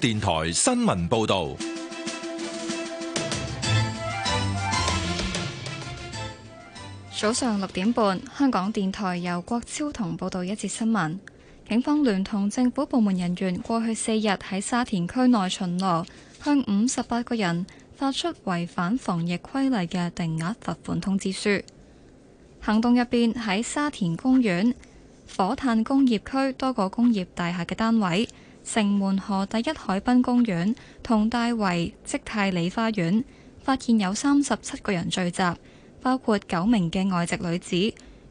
電台新聞報道：早上六點半，香港電台由郭超同報道一節新聞。警方聯同政府部門人員過去四日喺沙田區內巡邏，向五十八個人發出違反防疫規例嘅定額罰款通知書。行動入面喺沙田公園、火炭工業區多個工業大廈嘅單位。城門河第一海濱公園同大圍積泰里花園，發現有三十七個人聚集，包括九名嘅外籍女子。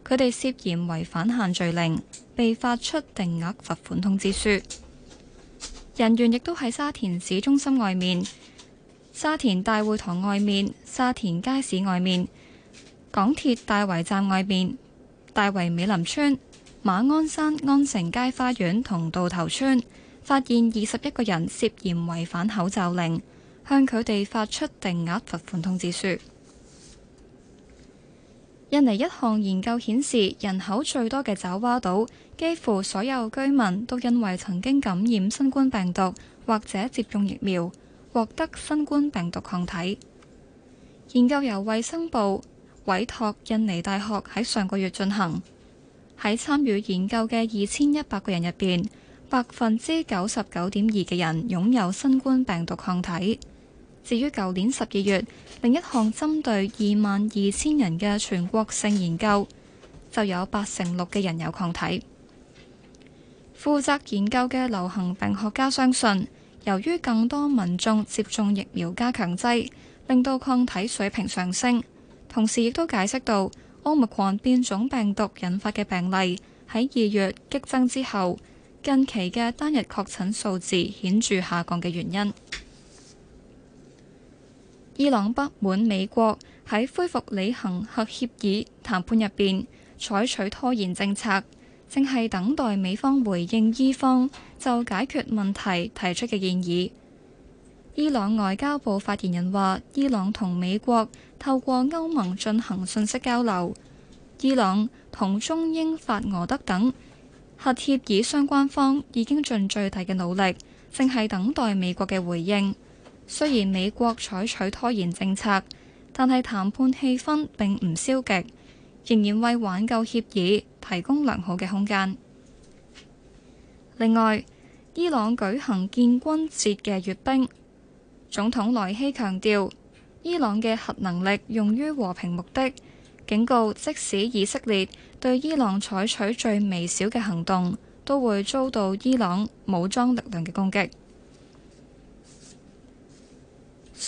佢哋涉嫌違反限聚令，被發出定額罰款通知書。人員亦都喺沙田市中心外面、沙田大會堂外面、沙田街市外面、港鐵大圍站外面、大圍美林村、馬鞍山安城街花園同渡頭村。發現二十一個人涉嫌違反口罩令，向佢哋發出定額罰款通知書。印尼一項研究顯示，人口最多嘅爪哇島，幾乎所有居民都因為曾經感染新冠病毒或者接種疫苗，獲得新冠病毒抗體。研究由衛生部委託印尼大學喺上個月進行。喺參與研究嘅二千一百個人入邊，百分之九十九點二嘅人擁有新冠病毒抗體。至於舊年十二月，另一項針對二萬二千人嘅全國性研究，就有八成六嘅人有抗體。負責研究嘅流行病學家相信，由於更多民眾接種疫苗加強劑，令到抗體水平上升，同時亦都解釋到 Omicron 變種病毒引發嘅病例喺二月激增之後，近期嘅單日確診數字顯著下降嘅原因，伊朗不滿美國喺恢復履行核協議談判入面採取拖延政策，正係等待美方回應伊方就解決問題提出嘅建議。伊朗外交部發言人話，伊朗同美國透過歐盟進行信息交流，伊朗同中英法俄德等。核協議相關方已經盡最大嘅努力，正係等待美國嘅回應。雖然美國採取拖延政策，但係談判氣氛並唔消極，仍然為挽救協議提供良好嘅空間。另外，伊朗舉行建軍節嘅閱兵，總統萊希強調，伊朗嘅核能力用於和平目的。警告，即使以色列對伊朗採取最微小嘅行動，都會遭到伊朗武裝力量嘅攻擊。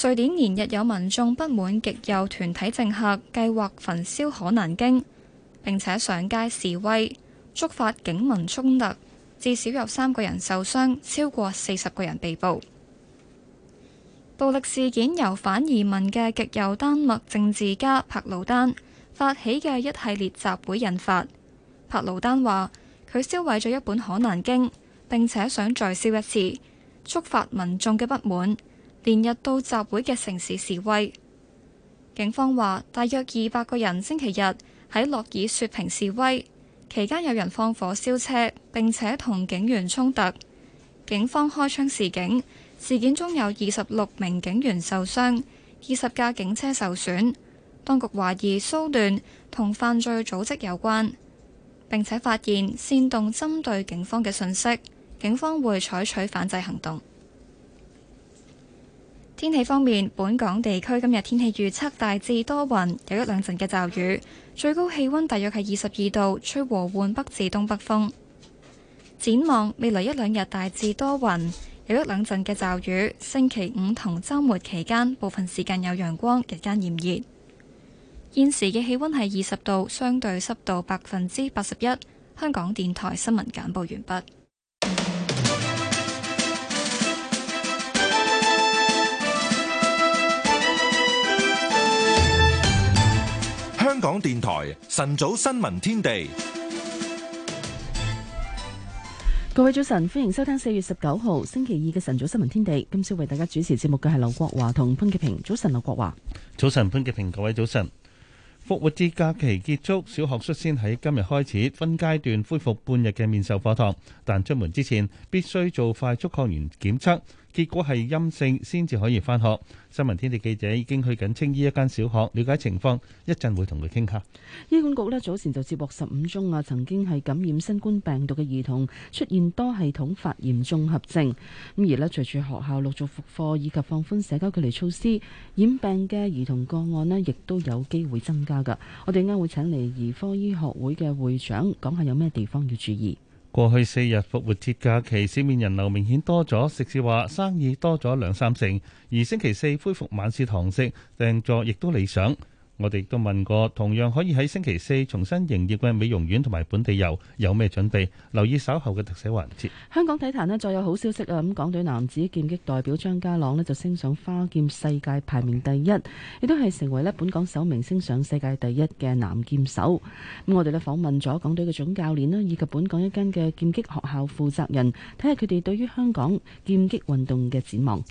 瑞典連日有民眾不滿極右團體政客計劃焚燒《可蘭經》，並且上街示威，觸發警民衝突，至少有三個人受傷，超過四十個人被捕。暴力事件由反移民嘅極右丹麥政治家帕魯丹發起嘅一系列集會引發帕魯丹話，佢燒毀咗一本《可蘭經》，並且想再燒一次，觸發民眾嘅不滿。連日到集會嘅城市示威，警方話大約二百個人星期日喺諾爾雪平示威，期間有人放火燒車，並且同警員衝突，警方開槍示警，事件中有二十六名警員受傷，二十架警車受損。當局懷疑騷亂同犯罪組織有關，並且發現煽動針對警方嘅訊息，警方會採取反制行動。天氣方面，本港地區今日天氣預測大致多雲，有一兩陣嘅驟雨，最高氣温大約係二十二度，吹和緩北至東北風。展望未來一兩日大致多雲，有一兩陣嘅驟雨。星期五同周末期間部分時間有陽光，日間炎熱。現時嘅氣溫係二十度，相對濕度百分之八十一。香港電台新聞簡報完畢。香港電台晨早新聞天地，各位早晨，歡迎收聽四月十九號星期二嘅晨早新聞天地。今次為大家主持節目嘅係劉國華同潘潔平。早晨，劉國華。早晨，潘潔平。各位早晨。復活節假期結束，小學率先喺今日開始分階段恢復半日嘅面授課堂，但出門之前必須做快速抗原檢測。結果係陰性，先至可以返學。新聞天地記者已經去緊青衣一間小學了解情況，一陣會同佢傾下。醫管局呢，早前就接獲十五宗啊，曾經係感染新冠病毒嘅兒童出現多系統發炎綜合症。咁而呢，隨住學校陸續復課以及放寬社交距離措施，染病嘅兒童個案呢，亦都有機會增加噶。我哋啱會請嚟兒科醫學會嘅會長講下有咩地方要注意。過去四日復活節假期，市面人流明顯多咗，食肆話生意多咗兩三成，而星期四恢復晚市堂食，訂座亦都理想。我哋亦都問過，同樣可以喺星期四重新營業嘅美容院同埋本地遊有咩準備？留意稍後嘅特寫環節。香港體壇呢，再有好消息啊！咁港隊男子劍擊代表張家朗呢，就升上花劍世界排名第一，亦 Okay. 都係成為呢本港首名升上世界第一嘅男劍手。咁我哋呢訪問咗港隊嘅總教練啦，以及本港一間嘅劍擊學校負責人，睇下佢哋對於香港劍擊運動嘅展望。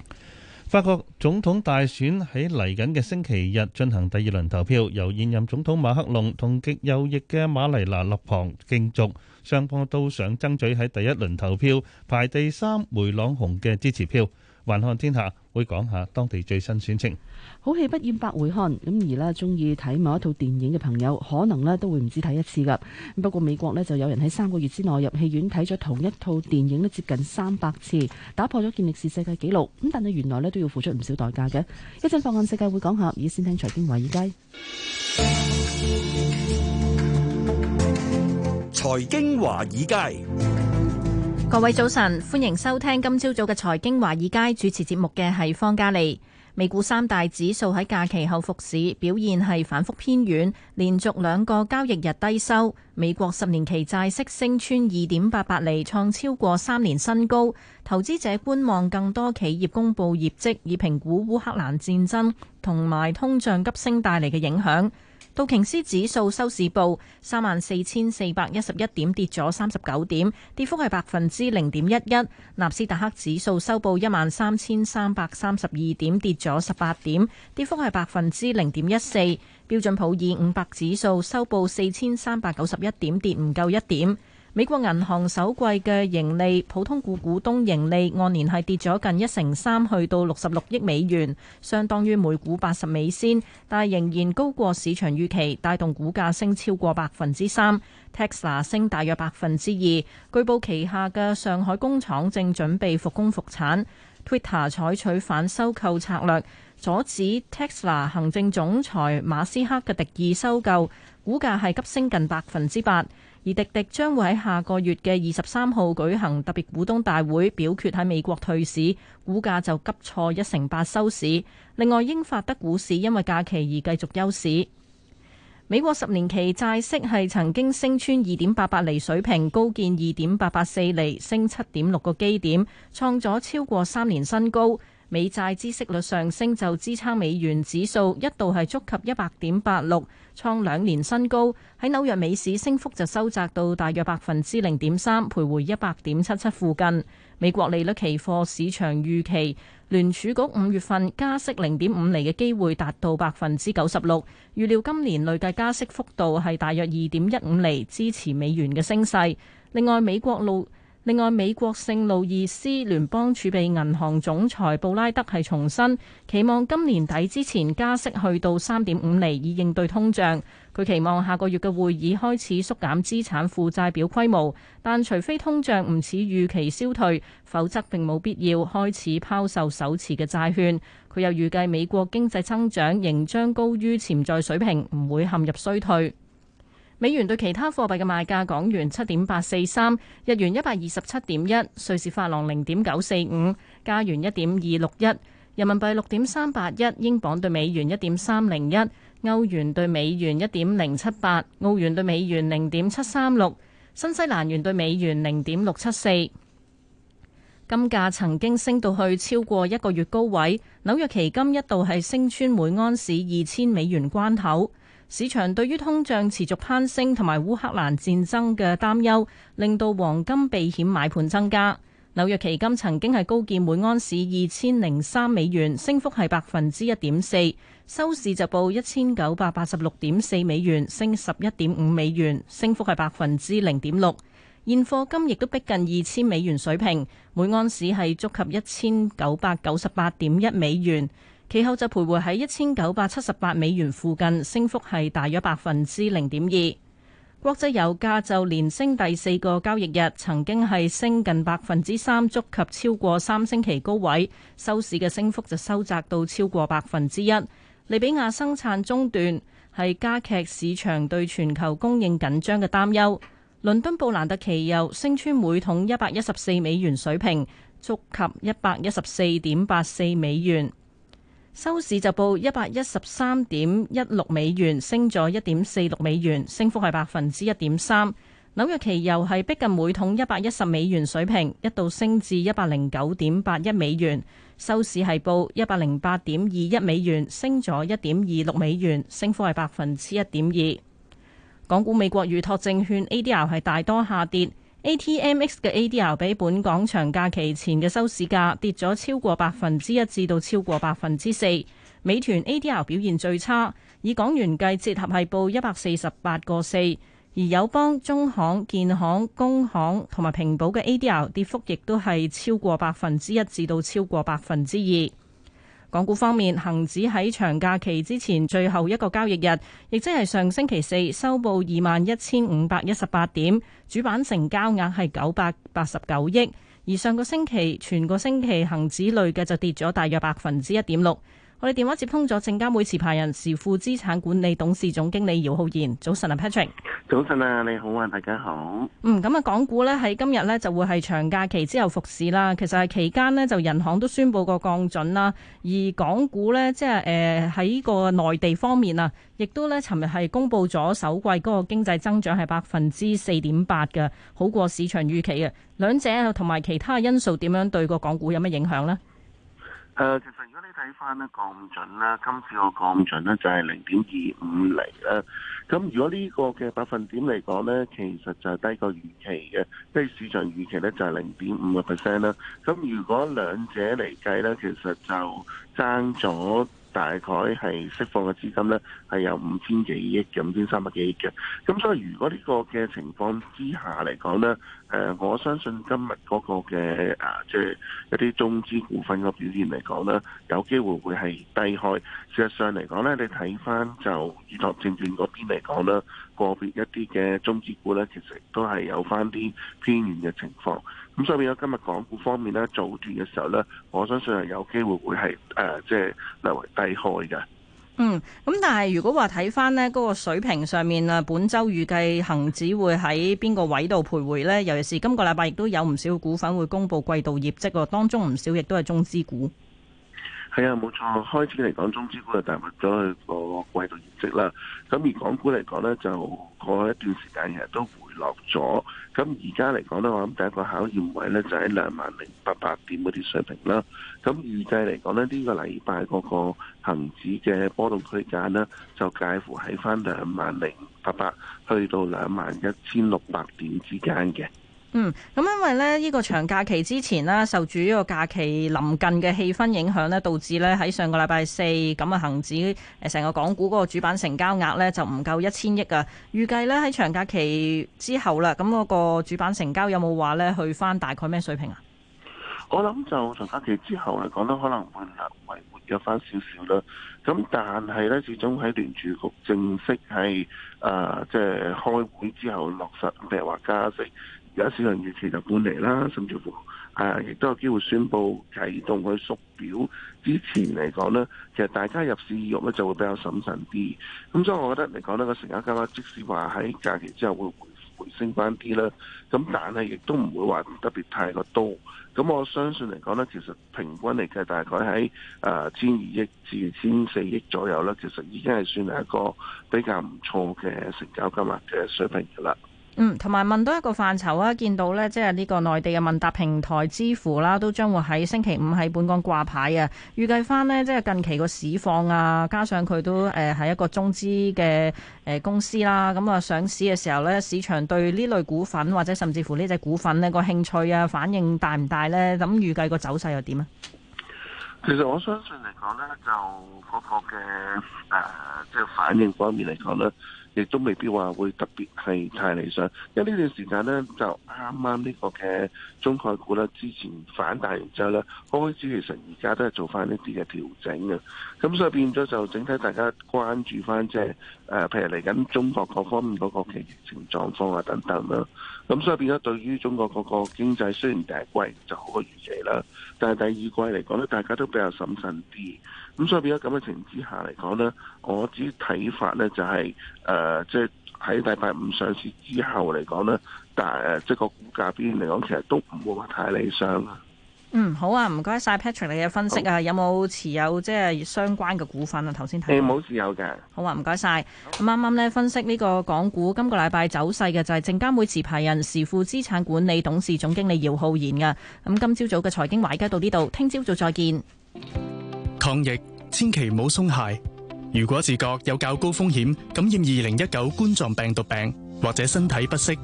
法國總統大選喺嚟緊嘅星期日進行第二輪投票，由現任總統馬克龍同極右翼嘅馬麗娜勒龐競逐。雙方都想爭取喺第一輪投票排第三梅朗雄嘅支持票。環看天下會講下當地最新選情。好戲不厭百回看咁，而咧中意睇某一套電影嘅朋友，可能咧都會唔止睇一次噶。不過美國咧就有人喺三個月之內入戲院睇咗同一套電影咧，接近三百次，打破咗健力士世界紀錄。咁但係原來咧都要付出唔少代價嘅。一陣放眼世界會講下，而先聽財經華爾街。財經華爾街，各位早晨，歡迎收聽今朝早嘅財經華爾街主持節目嘅係方家利。美股三大指數喺假期後復市，表現係反覆偏軟，連續兩個交易日低收。美國十年期債息升穿二點八八厘，創超過三年新高。投資者觀望更多企業公布業績，以評估烏克蘭戰爭同埋通脹急升帶嚟嘅影響。道瓊斯指數收市報三萬四千四百一十一點，跌咗三十九點，跌幅係百分之零點一一。納斯達克指數收報一萬三千三百三十二點，跌咗十八點，跌幅係百分之零點一四。標準普爾五百指數收報四千三百九十一點，跌唔夠一點。美國銀行首季嘅盈利，普通股股東盈利按年係跌咗近一成三，去到六十六億美元，相當於每股八十美仙，但係仍然高過市場預期，帶動股價升超過百分之三。Tesla 升大約百分之二，據報旗下嘅上海工廠正準備復工復產。Twitter 採取反收購策略，阻止 Tesla 行政總裁馬斯克嘅敵意收購，股價係急升近百分之八。而滴滴將會喺下個月嘅二十三號舉行特別股東大會，表決喺美國退市，股價就急挫一成八收市。另外，英法德股市因為假期而繼續休市。美國十年期債息係曾經升穿二點八八厘水平，高見二點八八四厘，升七點六個基點，創咗超過三年新高。美債孳息率上升，就支撐美元指數一度係觸及一百點八六，創兩年新高。喺紐約美市升幅就收窄到大約百分之零點三，徘徊一百點七七附近。美國利率期貨市場預期聯儲局五月份加息零點五厘嘅機會達到百分之九十六，預料今年累計加息幅度係大約二點一五厘，支持美元嘅升勢。另外，美國路另外，美國聖路易斯聯邦儲備銀行總裁布拉德係重申，期望今年底之前加息去到三點五厘以應對通脹。佢期望下個月嘅會議開始縮減資產負債表規模，但除非通脹唔似預期消退，否則並冇必要開始拋售手持嘅債券。佢又預計美國經濟增長仍將高於潛在水平，唔會陷入衰退。美元對其他貨幣嘅賣價：港元七點八四三，日元一百二十七點一，瑞士法郎零點九四五，加元一點二六一，人民幣六點三八一，英鎊對美元一點三零一，歐元對美元一點零七八，澳元對美元零點七三六，新西蘭元對美元零點六七四。金價曾經升到去超過一個月高位，紐約期金一度係升穿每安士二千美元關口。市場對於通脹持續攀升同埋烏克蘭戰爭嘅擔憂，令到黃金避險買盤增加。紐約期金曾經係高見每安士二千零三美元，升幅係百分之一點四，收市就報一千九百八十六點四美元，升十一點五美元，升幅係百分之零點六。現貨金亦都逼近二千美元水平，每安士係觸及一千九百九十八點一美元。其後就徘徊喺一千九百七十八美元附近，升幅係大約百分之零點二。國際油價就連升第四個交易日，曾經係升近百分之三，觸及超過三星期高位。收市嘅升幅就收窄到超過百分之一。利比亞生產中斷係加劇市場對全球供應緊張嘅擔憂。倫敦布蘭特期油升穿每桶一百一十四美元水平，觸及一百一十四點八四美元。收市就報一百一十三點一六美元，升咗一點四六美元，升幅係百分之一點三。紐約期油係逼近每桶一百一十美元水平，一度升至一百零九點八一美元，收市係報一百零八點二一美元，升咗一點二六美元，升幅係百分之一點二。港股美國預託證券 ADR 係大多下跌。ATMX 嘅 ADR 比本港長假期前嘅收市價跌咗超過百分之一至到超過百分之四。美團 ADR 表現最差，以港元計，折合係報一百四十八個四。而友邦、中行、建行、工行同埋平保嘅 ADR 跌幅亦都係超過百分之一至到超過百分之二。港股方面，恒指喺長假期之前最後一個交易日，亦即係上星期四，收報二萬一千五百一十八點，主板成交額係九百八十九億。而上個星期，全個星期恒指累嘅就跌咗大約百分之一點六。我哋電話接通咗證監會持牌人士、富資產管理董事總經理姚浩然。早晨啊，Patrick。早晨啊，你好啊，大家好。嗯，咁啊，港股呢喺今日呢就會係長假期之後復市啦。其實係期間呢，就人行都宣布過降準啦，而港股呢，即係誒喺個內地方面啊，亦都呢尋日係公布咗首季嗰個經濟增長係百分之四點八嘅，好過市場預期嘅。兩者同埋其他因素點樣對個港股有咩影響呢？誒、呃。翻呢降準啦，今次嘅降準咧就係零點二五釐啦。咁如果呢個嘅百分點嚟講呢，其實就係低過預期嘅，即係市場預期呢就係零點五個 percent 啦。咁如果兩者嚟計呢，其實就爭咗大概係釋放嘅資金呢，係有五千幾億、五千三百幾億嘅。咁所以如果呢個嘅情況之下嚟講呢。誒、就是，我相信今日嗰個嘅啊，即係一啲中資股份嘅表現嚟講咧，有機會會係低開。事實上嚟講咧，你睇翻就裕達證券嗰邊嚟講咧，個別一啲嘅中資股咧，其實都係有翻啲偏遠嘅情況。咁所以變咗今日港股方面咧，早段嘅時候咧，我相信係有機會會係誒，即係略為低開嘅。嗯，咁但係如果話睇翻呢嗰、嗰個水平上面啊，本周預計恒指會喺邊個位度徘徊呢？尤其是今個禮拜亦都有唔少股份會公布季度業績，當中唔少亦都係中資股。係啊，冇錯，開始嚟講中資股就帶嚟咗佢個季度業績啦。咁而港股嚟講呢，就過一段時間其實都。落咗，咁而家嚟講呢，我諗第一個考驗位呢，就喺兩萬零八百點嗰啲水平啦。咁預計嚟講呢，呢個禮拜嗰個恆指嘅波動區間呢，就介乎喺翻兩萬零八百去到兩萬一千六百點之間嘅。嗯，咁因為咧，呢、這個長假期之前呢，受住呢個假期臨近嘅氣氛影響呢，導致呢，喺上個禮拜四咁啊，恆指成個港股嗰個主板成交額呢就唔夠一千億啊。預計呢，喺長假期之後啦，咁嗰個主板成交有冇話呢去翻大概咩水平啊？我諗就長假期之後嚟講咧，可能會略為活躍翻少少啦。咁但係呢，始終喺聯儲局正式係誒即係開會之後落實，譬如話加息。有少量預期就半厘啦，甚至乎誒亦、啊、都有機會宣布啟動佢縮表之前嚟講呢，其實大家入市意欲咧就會比較審慎啲。咁所以，我覺得嚟講呢個成交金額，即使話喺假期之後會回升翻啲啦，咁但係亦都唔會話特別太過多。咁我相信嚟講呢，其實平均嚟計大概喺誒千二億至千四億左右咧，其實已經係算係一個比較唔錯嘅成交金額嘅水平嘅啦。嗯，同埋問到一個範疇啊，見到咧，即係呢個內地嘅問答平台知乎啦，都將會喺星期五喺本港掛牌啊。預計翻呢，即係近期個市況啊，加上佢都誒係一個中資嘅誒公司啦、啊，咁、嗯、啊上市嘅時候呢，市場對呢類股份或者甚至乎呢隻股份呢個興趣啊反應大唔大呢？咁、嗯、預計個走勢又點啊？其實我相信嚟講呢，就嗰個嘅誒即係反應方面嚟講呢。亦都未必話會特別係太理想，因為呢段時間呢，就啱啱呢個嘅中概股啦。之前反彈完之後呢，開始其實而家都係做翻一啲嘅調整嘅，咁所以變咗就整體大家關注翻即係誒，譬如嚟緊中國各方面嗰個嘅疫情狀況啊等等啦，咁所以變咗對於中國嗰個經濟雖然第一季就好過預期啦，但係第二季嚟講呢，大家都比較審慎啲。咁所以，喺咁嘅情況之下嚟講呢，我之睇法呢就係、是、誒，即係喺禮拜五上市之後嚟講呢，但誒即係個股價邊嚟講，其實都唔會話太理想啦。嗯，好啊，唔該晒 Patrick 你嘅分析啊，好有冇持有即係相關嘅股份啊？頭先睇誒冇持有嘅。好啊，唔該晒。咁啱啱呢分析呢個港股今個禮拜走勢嘅就係證監會持牌人時富資產管理董事總經理姚浩然嘅。咁、嗯、今朝早嘅財經話家到呢度，聽朝早再見。抗疫千祈唔好鬆懈。如果自覺有較高風險感染二零一九冠狀病毒病，或者身體不適，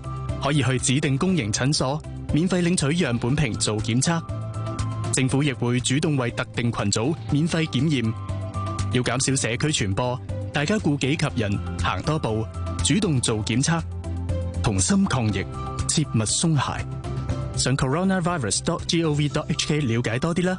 可以去指定公營診所免費領取樣本瓶做檢測。政府亦會主動為特定群組免費檢驗。要減少社區傳播，大家顧己及人，行多步，主動做檢測，同心抗疫，切勿鬆懈。上 coronavirus dot gov dot hk 了解多啲啦。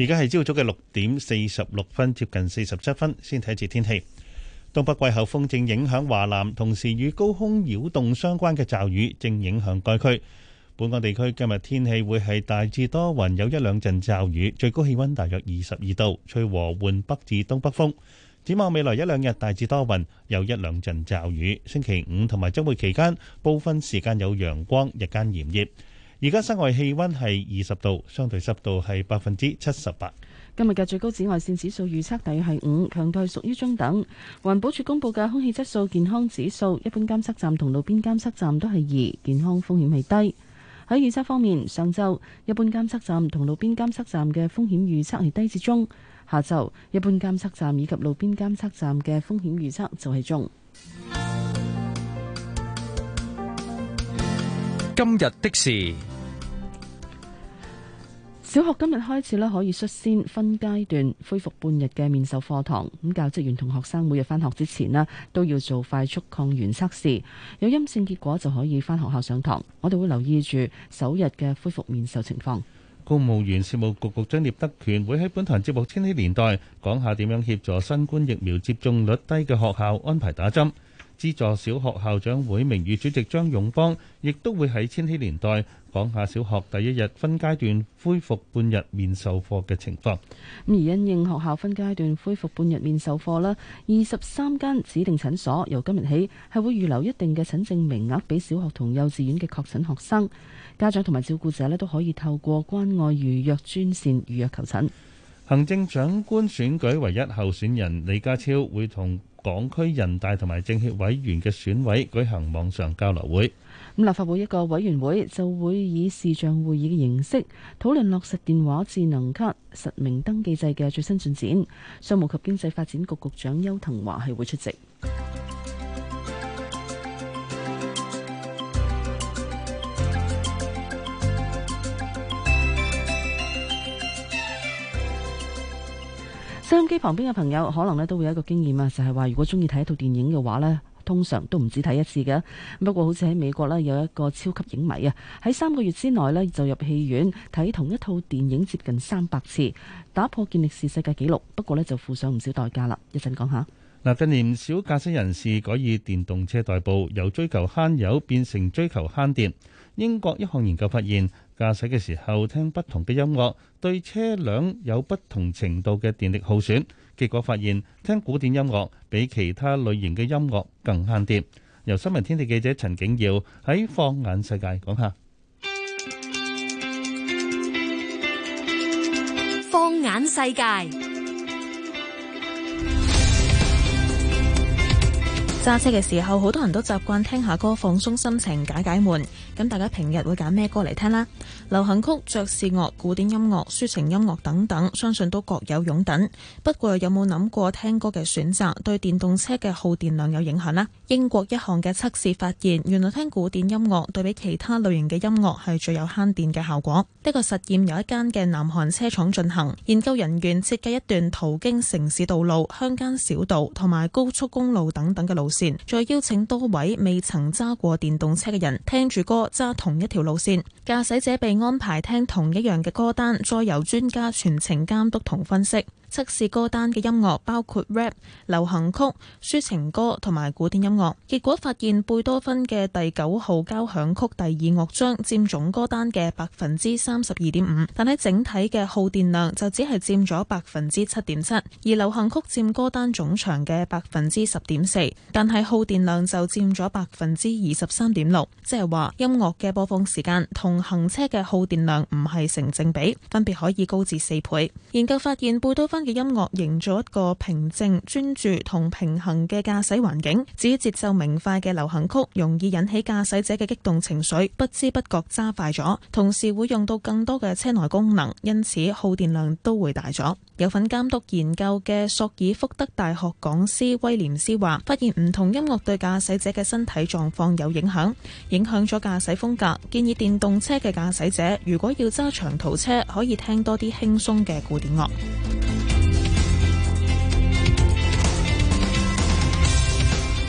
而家係朝早嘅六點四十六分，接近四十七分先睇下次天氣。東北季候風正影響華南，同時與高空擾動相關嘅驟雨正影響該區。本港地區今日天氣會係大致多雲，有一兩陣驟雨，最高氣温大約二十二度，吹和緩北至東北風。展望未來一兩日大致多雲，有一兩陣驟雨。星期五同埋週末期間，部分時間有陽光，日間炎熱。而家室外氣溫係二十度，相對濕度係百分之七十八。今日嘅最高紫外線指數預測大約係五，強度係屬於中等。環保署公布嘅空氣質素健康指數，一般監測站同路邊監測站都係二，健康風險係低。喺預測方面，上晝一般監測站同路邊監測站嘅風險預測係低至中，下晝一般監測站以及路邊監測站嘅風險預測就係中。今日的事，小學今日開始咧可以率先分階段恢復半日嘅面授課堂。咁教職員同學生每日翻學之前咧都要做快速抗原測試，有陰性結果就可以翻學校上堂。我哋會留意住首日嘅恢復面授情況。公務員事務局局長聶德權會喺本台節目《千禧年代》講下點樣協助新冠疫苗接種率低嘅學校安排打針。資助小學校長會名譽主席張勇邦亦都會喺千禧年代講下小學第一日分階段恢復半日面授課嘅情況。咁而因應學校分階段恢復半日面授課啦，二十三間指定診所由今日起係會預留一定嘅診症名額俾小學同幼稚園嘅確診學生家長同埋照顧者咧都可以透過關愛預約專線預約求診。行政長官選舉唯一候選人李家超會同。港區人大同埋政協委員嘅選委舉行網上交流會。咁立法會一個委員會就會以視像會議嘅形式討論落實電話智能卡實名登記制嘅最新進展。商務及經濟發展局局長邱騰華係會出席。收音機旁邊嘅朋友可能咧，都會有一個經驗啊，就係話如果中意睇一套電影嘅話呢，通常都唔止睇一次嘅。不過好似喺美國呢，有一個超級影迷啊，喺三個月之內呢，就入戲院睇同一套電影接近三百次，打破健力士世界紀錄。不過呢，就付上唔少代價啦。一陣講下嗱，近年唔少駕駛人士改以電動車代步，由追求慳油變成追求慳電。英國一項研究發現。駕駛嘅時候聽不同嘅音樂，對車輛有不同程度嘅電力耗損。結果發現，聽古典音樂比其他類型嘅音樂更慳電。由新聞天地記者陳景耀喺《放眼世界》講下《放眼世界》。揸車嘅時候，好多人都習慣聽下歌放鬆心情、解解悶。咁大家平日會揀咩歌嚟聽呢？流行曲、爵士樂、古典音樂、抒情音樂等等，相信都各有擁躉。不過有冇諗過聽歌嘅選擇對電動車嘅耗電量有影響呢？英國一項嘅測試發現，原來聽古典音樂對比其他類型嘅音樂係最有慳電嘅效果。呢個實驗由一間嘅南韓車廠進行，研究人員設計一段途經城市道路、鄉間小道同埋高速公路等等嘅路。再邀請多位未曾揸過電動車嘅人聽住歌揸同一條路線，駕駛者被安排聽同一樣嘅歌單，再由專家全程監督同分析。測試歌單嘅音樂包括 rap、流行曲、抒情歌同埋古典音樂，結果發現貝多芬嘅第九號交響曲第二樂章佔總歌單嘅百分之三十二點五，但喺整體嘅耗電量就只係佔咗百分之七點七。而流行曲佔歌單總長嘅百分之十點四，但係耗電量就佔咗百分之二十三點六。即係話音樂嘅播放時間同行車嘅耗電量唔係成正比，分別可以高至四倍。研究發現貝多芬。嘅音樂營造一個平靜、專注同平衡嘅駕駛環境。至於節奏明快嘅流行曲，容易引起駕駛者嘅激動情緒，不知不覺揸快咗，同時會用到更多嘅車內功能，因此耗電量都會大咗。有份監督研究嘅索爾福德大學講師威廉斯話，發現唔同音樂對駕駛者嘅身體狀況有影響，影響咗駕駛風格。建議電動車嘅駕駛者，如果要揸長途車，可以聽多啲輕鬆嘅古典樂。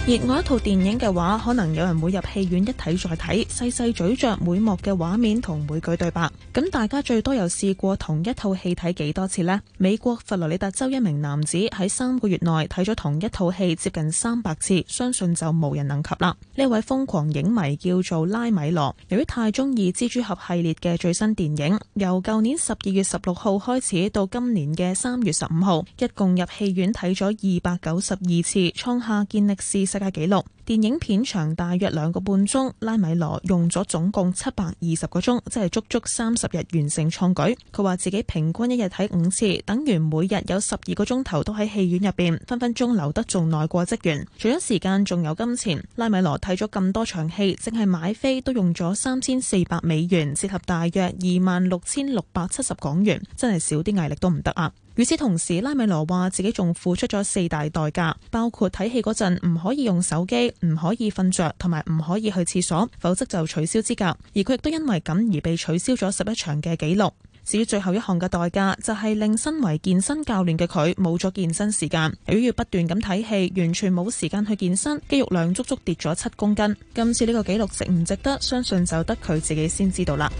熱愛一套電影嘅話，可能有人會入戲院一睇再睇，細細咀嚼每幕嘅畫面同每句對白。咁大家最多又試過同一套戲睇幾多次咧？美國佛羅里達州一名男子喺三個月內睇咗同一套戲接近三百次，相信就無人能及啦。呢位瘋狂影迷叫做拉米羅，由於太中意蜘蛛俠系列嘅最新電影，由舊年十二月十六號開始到今年嘅三月十五號，一共入戲院睇咗二百九十二次，創下健力士世界紀錄。電影片長大約兩個半鐘，拉米羅用咗總共七百二十個鐘，即係足足三十日完成創舉。佢話自己平均一日睇五次，等於每日有十二個鐘頭都喺戲院入邊，分分鐘留得仲耐過職員。除咗時間，仲有金錢。拉米羅睇咗咁多場戲，淨係買飛都用咗三千四百美元，折合大約二萬六千六百七十港元，真係少啲毅力都唔得啊！與此同時，拉米羅話自己仲付出咗四大代價，包括睇戲嗰陣唔可以用手機。唔可以瞓着，同埋唔可以去廁所，否則就取消資格。而佢亦都因為咁而被取消咗十一場嘅紀錄。至於最後一項嘅代價，就係令身為健身教練嘅佢冇咗健身時間。由於要不斷咁睇戲，完全冇時間去健身，肌肉量足足跌咗七公斤。今次呢個紀錄值唔值得，相信就得佢自己先知道啦。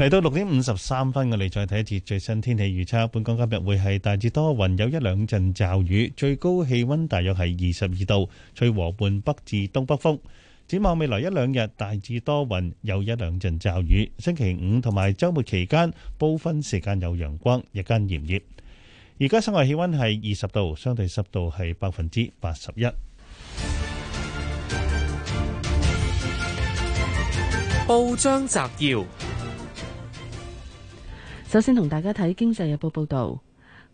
嚟到六點五十三分，我哋再睇一次最新天氣預測。本港今日會係大致多雲，有一兩陣驟雨，最高氣溫大約係二十二度，吹和緩北至東北風。展望未來一兩日，大致多雲，有一兩陣驟雨。星期五同埋周末期間，部分時間有陽光，日間炎熱。而家室外氣溫係二十度，相對濕度係百分之八十一。報章摘要。首先同大家睇《經濟日報》報導，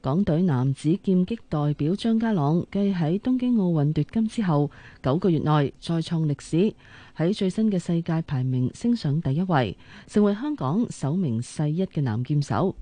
港隊男子劍擊代表張家朗，繼喺東京奧運奪金之後，九個月內再創歷史，喺最新嘅世界排名升上第一位，成為香港首名世一嘅男劍手。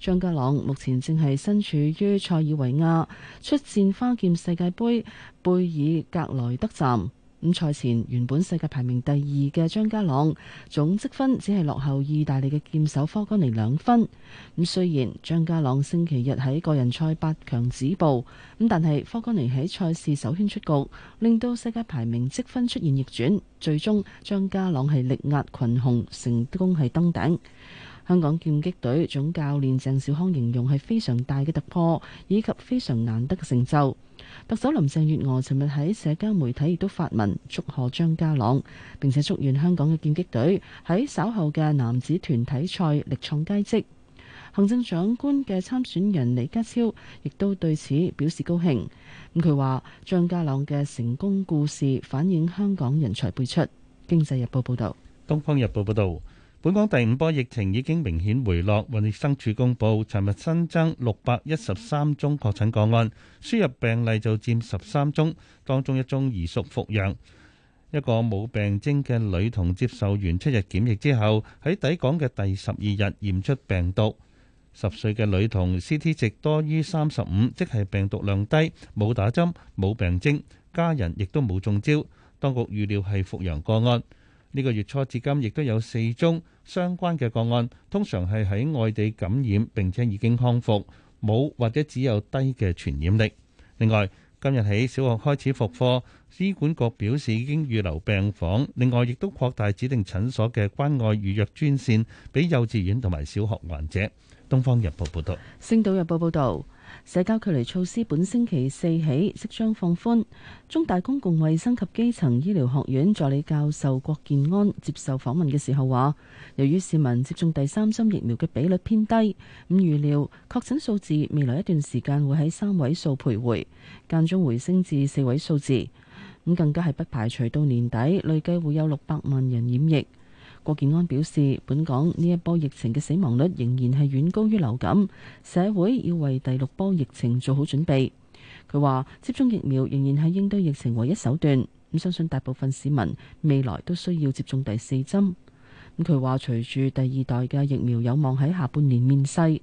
張家朗目前正係身處於塞爾維亞，出戰花劍世界盃貝爾格萊德站。咁賽前原本世界排名第二嘅張家朗總積分只係落後意大利嘅劍手科甘尼兩分。咁雖然張家朗星期日喺個人賽八強止步，咁但係科甘尼喺賽事首圈出局，令到世界排名積分出現逆轉。最終張家朗係力壓群雄，成功係登頂。香港劍擊隊總教練鄭小康形容係非常大嘅突破，以及非常難得嘅成就。特首林鄭月娥尋日喺社交媒體亦都發文祝賀張家朗，並且祝願香港嘅劍擊隊喺稍後嘅男子團體賽力創佳績。行政長官嘅參選人李家超亦都對此表示高興。咁佢話張家朗嘅成功故事反映香港人才輩出。經濟日報報道、東方日報報道。本港第五波疫情已經明顯回落，衛生署公佈尋日新增六百一十三宗確診個案，輸入病例就佔十三宗，當中一宗疑屬復陽。一個冇病徵嘅女童接受完七日檢疫之後，喺抵港嘅第十二日驗出病毒。十歲嘅女童 C T 值多於三十五，即係病毒量低，冇打針，冇病徵，家人亦都冇中招。當局預料係復陽個案。呢個月初至今，亦都有四宗相關嘅個案，通常係喺外地感染並且已經康復，冇或者只有低嘅傳染力。另外，今日起小學開始復課，醫管局表示已經預留病房，另外亦都擴大指定診所嘅關愛預約專線，俾幼稚園同埋小學患者。《東方日報》報道，《星島日報》報道。社交距離措施本星期四起即將放寬。中大公共衛生及基層醫療學院助理教授郭建安接受訪問嘅時候話，由於市民接種第三針疫苗嘅比率偏低，咁、嗯、預料確診數字未來一段時間會喺三位數徘徊，間中回升至四位數字，咁更加係不排除到年底累計會有六百萬人染疫。郭建安表示，本港呢一波疫情嘅死亡率仍然係遠高於流感，社會要為第六波疫情做好準備，佢話，接種疫苗仍然係應對疫情唯一手段。咁相信大部分市民未來都需要接種第四針，咁佢話隨住第二代嘅疫苗有望喺下半年面世，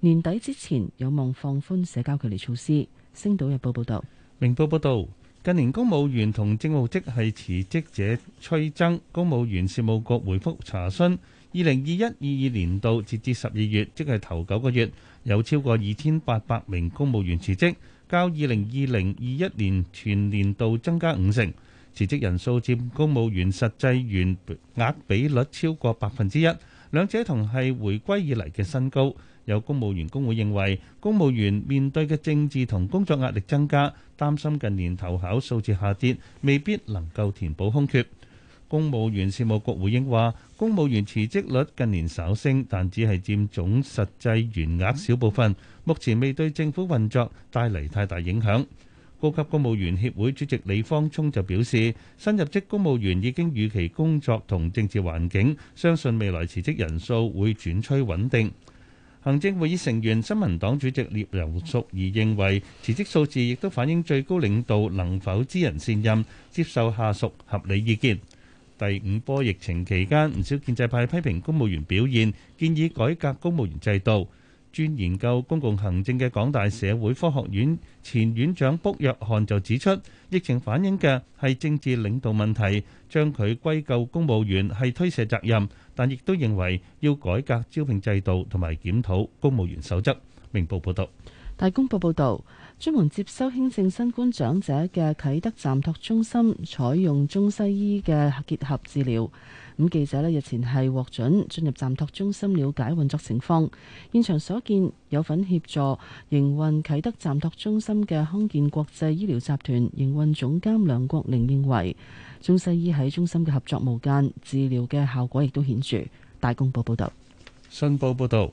年底之前有望放寬社交距離措施。星島日報報道，明報報道。近年公務員同政務職係辭職者趨增，公務員事務局回覆查詢，二零二一二二年度截至十二月，即係頭九個月，有超過二千八百名公務員辭職，較二零二零二一年全年度增加五成，辭職人數佔公務員實際員額比率超過百分之一，兩者同係回歸以嚟嘅新高。有公務員工會認為，公務員面對嘅政治同工作壓力增加，擔心近年投考數字下跌，未必能夠填補空缺。公務員事務局回應話，公務員辭職率近年稍升，但只係佔總實際員額小部分，目前未對政府運作帶嚟太大影響。高級公務員協會主席李方聰就表示，新入職公務員已經預期工作同政治環境，相信未來辭職人數會轉趨穩定。行政會議成員、新民黨主席葉劉淑儀認為，辭職數字亦都反映最高領導能否知人善任、接受下屬合理意見。第五波疫情期間，唔少建制派批評公務員表現，建議改革公務員制度。專研究公共行政嘅港大社會科學院前院長卜約翰就指出，疫情反映嘅係政治領導問題，將佢歸咎公務員係推卸責任，但亦都認為要改革招聘制度同埋檢討公務員守則。明報報道。大公報報導，專門接收輕症新冠長者嘅啟德暫托中心採用中西醫嘅結合治療。咁記者呢日前係獲准進入暫托中心了解運作情況。現場所見，有份協助營運啟德暫托中心嘅康健國際醫療集團營運總監梁國寧認為，中西醫喺中心嘅合作無間，治療嘅效果亦都顯著。大公報報道。新報報導。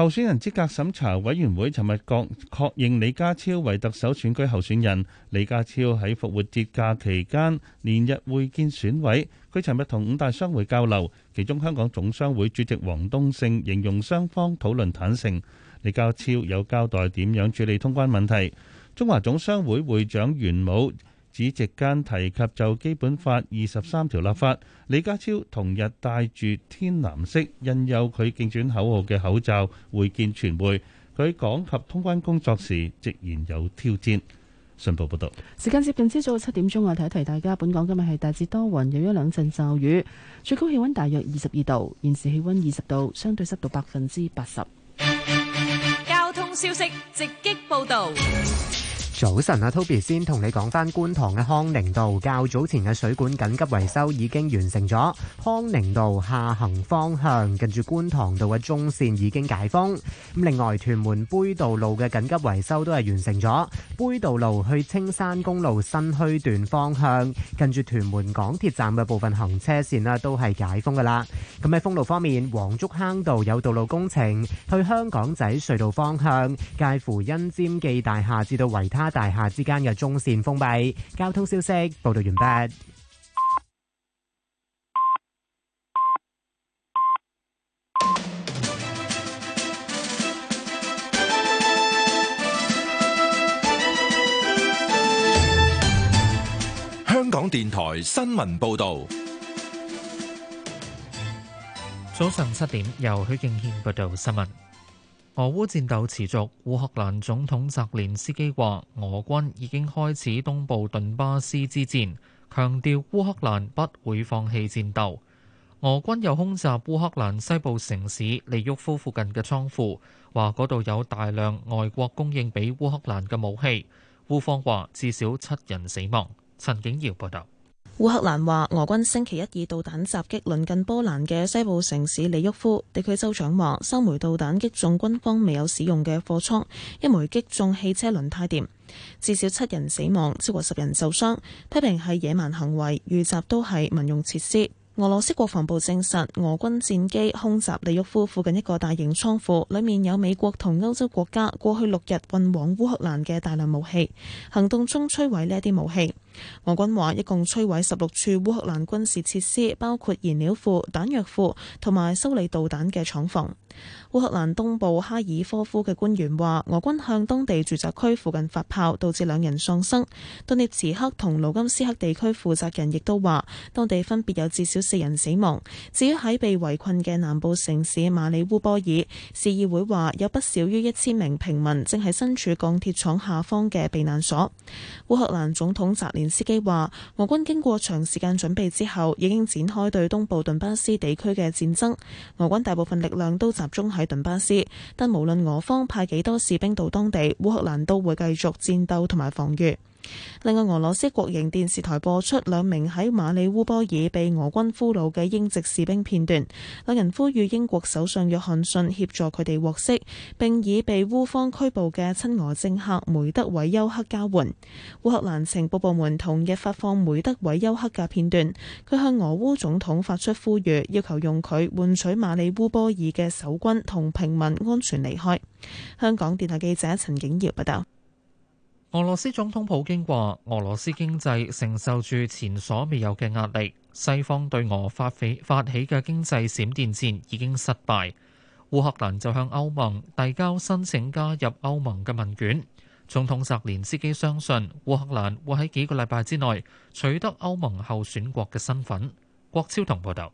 候選人資格審查委員會尋日確確認李家超為特首選舉候選人。李家超喺復活節假期間連日會見選委，佢尋日同五大商會交流，其中香港總商會主席王冬勝形容雙方討論坦誠，李家超有交代點樣處理通關問題。中華總商會會長袁武。指席間提及就基本法二十三條立法。李家超同日戴住天藍色印有佢競選口號嘅口罩會見傳媒，佢講及通關工作時，直言有挑戰。信報報道。時間接近朝早七點鐘啊，我提一提大家。本港今日係大致多雲，有一兩陣驟雨，最高氣溫大約二十二度，現時氣溫二十度，相對濕度百分之八十。交通消息直擊報道。早晨啊，Toby 先同你講翻觀塘嘅康寧道，較早前嘅水管緊急維修已經完成咗。康寧道下行方向，近住觀塘道嘅中線已經解封。咁另外屯門杯道路嘅緊急維修都係完成咗，杯道路去青山公路新墟段方向，近住屯門港鐵站嘅部分行車線啦，都係解封噶啦。咁喺封路方面，黃竹坑道有道路工程去香港仔隧道方向，介乎恩尖記大廈至到維他。大廈之間嘅中線封閉，交通消息報道完畢。香港電台新聞報道，早上七點由許敬軒報道新聞。俄烏戰鬥持續，烏克蘭總統澤連斯基話俄軍已經開始東部頓巴斯之戰，強調烏克蘭不會放棄戰鬥。俄軍又空襲烏克蘭西部城市利沃夫附近嘅倉庫，話嗰度有大量外國供應俾烏克蘭嘅武器。烏方話至少七人死亡。陳景堯報道。烏克蘭話，俄軍星期一以導彈襲擊鄰近波蘭嘅西部城市利沃夫。地區州長話，三枚導彈擊中軍方未有使用嘅貨倉，一枚擊中汽車輪胎店，至少七人死亡，超過十人受傷。批評係野蠻行為，遇襲都係民用設施。俄羅斯國防部證實，俄軍戰機空襲利沃夫附近一個大型倉庫，裡面有美國同歐洲國家過去六日運往烏克蘭嘅大量武器。行動中摧毀呢一啲武器。俄軍話，一共摧毀十六處烏克蘭軍事設施，包括燃料庫、彈藥庫同埋修理導彈嘅廠房。烏克蘭東部哈爾科夫嘅官員話，俄軍向當地住宅區附近發炮，導致兩人喪生。頓涅茨克同盧甘斯克地區負責人亦都話，當地分別有至少四人死亡。至於喺被圍困嘅南部城市馬里烏波爾，市議會話有不少於一千名平民正喺身處鋼鐵廠下方嘅避難所。烏克蘭總統澤連斯基話，俄軍經過長時間準備之後，已經展開對東部頓巴斯地區嘅戰爭。俄軍大部分力量都集中喺喺頓巴斯，但無論俄方派幾多士兵到當地，烏克蘭都會繼續戰鬥同埋防禦。另外，俄羅斯國營電視台播出兩名喺馬里烏波爾被俄軍俘虜嘅英籍士兵片段，兩人呼籲英國首相約翰遜協助佢哋獲釋，並以被烏方拘捕嘅親俄政客梅德韋丘克交換。烏克蘭情報部門同日發放梅德韋丘克嘅片段，佢向俄烏總統發出呼籲，要求用佢換取馬里烏波爾嘅守軍同平民安全離開。香港電台記者陳景耀報道。俄羅斯總統普京話：俄羅斯經濟承受住前所未有嘅壓力，西方對俄發起發起嘅經濟閃電戰已經失敗。烏克蘭就向歐盟遞交申請加入歐盟嘅問卷。總統澤連斯基相信，烏克蘭會喺幾個禮拜之內取得歐盟候選國嘅身份。郭超同報道。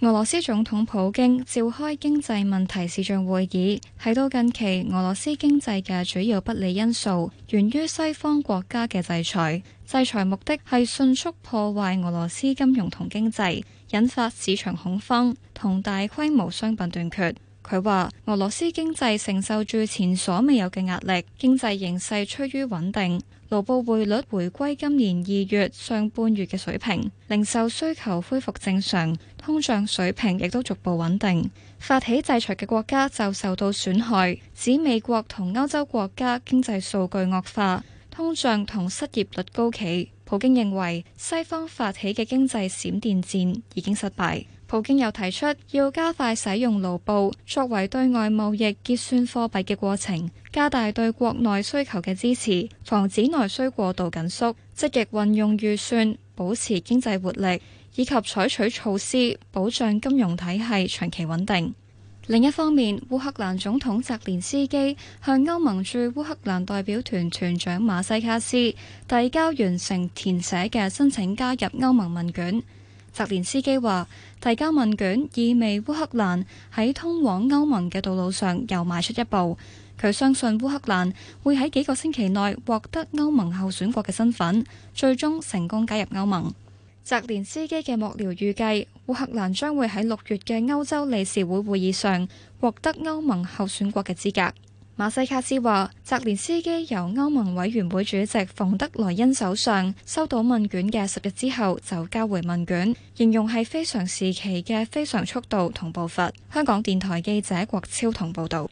俄羅斯總統普京召開經濟問題視像會議，提到近期俄羅斯經濟嘅主要不利因素，源於西方國家嘅制裁。制裁目的係迅速破壞俄羅斯金融同經濟，引發市場恐慌同大規模商品短缺。佢話：俄羅斯經濟承受住前所未有嘅壓力，經濟形勢趨於穩定，盧布匯率回歸今年二月上半月嘅水平，零售需求恢復正常，通脹水平亦都逐步穩定。發起制裁嘅國家就受到損害，指美國同歐洲國家經濟數據惡化，通脹同失業率高企。普京認為西方發起嘅經濟閃電戰已經失敗。普京又提出要加快使用盧布作為對外貿易結算貨幣嘅過程，加大對國內需求嘅支持，防止內需過度緊縮，積極運用預算保持經濟活力，以及採取措施保障金融體系長期穩定。另一方面，烏克蘭總統澤連斯基向歐盟駐烏克蘭代表團團長馬西卡斯遞交完成填寫嘅申請加入歐盟問卷。澤連斯基話：提交問卷意味烏克蘭喺通往歐盟嘅道路上又邁出一步。佢相信烏克蘭會喺幾個星期內獲得歐盟候選國嘅身份，最終成功加入歐盟。澤連斯基嘅幕僚預計，烏克蘭將會喺六月嘅歐洲理事會會議上獲得歐盟候選國嘅資格。馬西卡斯話：澤連斯基由歐盟委員會主席馮德萊恩手上收到問卷嘅十日之後，就交回問卷，形容係非常時期嘅非常速度同步伐。香港電台記者郭超同報道。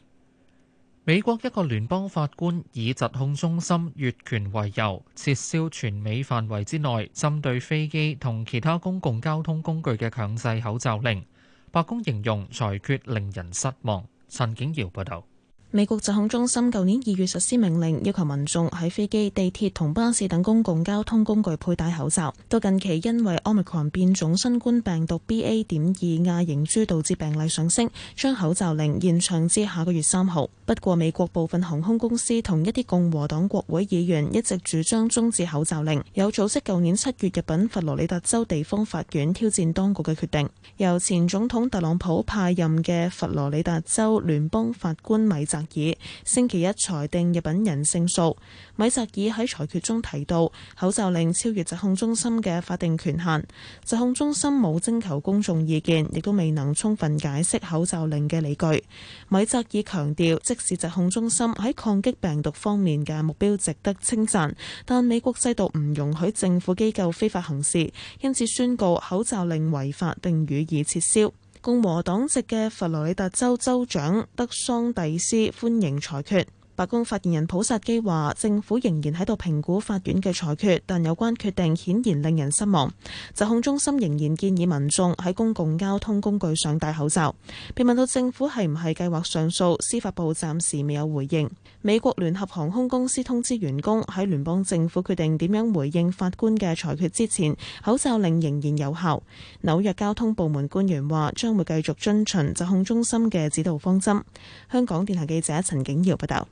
美國一個聯邦法官以疾控中心越權為由，撤銷全美範圍之內針對飛機同其他公共交通工具嘅強制口罩令。白宮形容裁決令人失望。陳景堯報道。美國疾控中心舊年二月實施命令，要求民眾喺飛機、地鐵同巴士等公共交通工具佩戴口罩。到近期因為奧密克戎變種新冠病毒 BA. 點二亞型株導致病例上升，將口罩令延長至下個月三號。不過美國部分航空公司同一啲共和黨國會議員一直主張終止口罩令，有組織舊年七月入禀佛羅里達州地方法院挑戰當局嘅決定。由前總統特朗普派任嘅佛羅里達州聯邦法官米。米澤爾星期一裁定日本人勝訴。米澤爾喺裁決中提到，口罩令超越疾控中心嘅法定權限。疾控中心冇徵求公眾意見，亦都未能充分解釋口罩令嘅理據。米澤爾強調，即使疾控中心喺抗擊病毒方面嘅目標值得稱讚，但美國制度唔容許政府機構非法行事，因此宣告口罩令違法並予以撤銷。共和黨籍嘅佛羅里達州州長德桑蒂斯歡迎裁決。白宮發言人普薩基話，政府仍然喺度評估法院嘅裁決，但有關決定顯然令人失望。疾控中心仍然建議民眾喺公共交通工具上戴口罩。被問到政府係唔係計劃上訴，司法部暫時未有回應。美國聯合航空公司通知員工喺聯邦政府決定點樣回應法官嘅裁決之前，口罩令仍然有效。紐約交通部門官員話，將會繼續遵循疾控中心嘅指導方針。香港電台記者陳景瑤報道。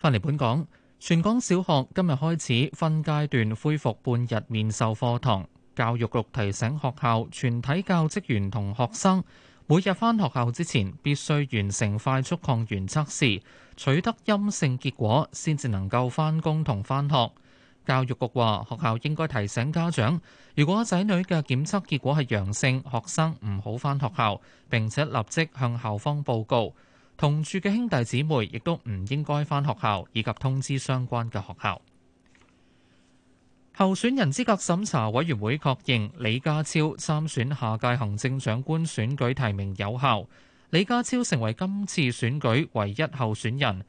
返嚟本港，全港小學今日開始分階段恢復半日面授課堂。教育局提醒學校全體教職員同學生，每日返學校之前必須完成快速抗原測試，取得陰性結果先至能夠返工同返學。教育局話，學校應該提醒家長，如果仔女嘅檢測結果係陽性，學生唔好返學校，並且立即向校方報告。同住嘅兄弟姊妹亦都唔應該返學校，以及通知相關嘅學校。候選人資格審查委員會確認李家超參選下屆行政長官選舉提名有效，李家超成為今次選舉唯一候選人。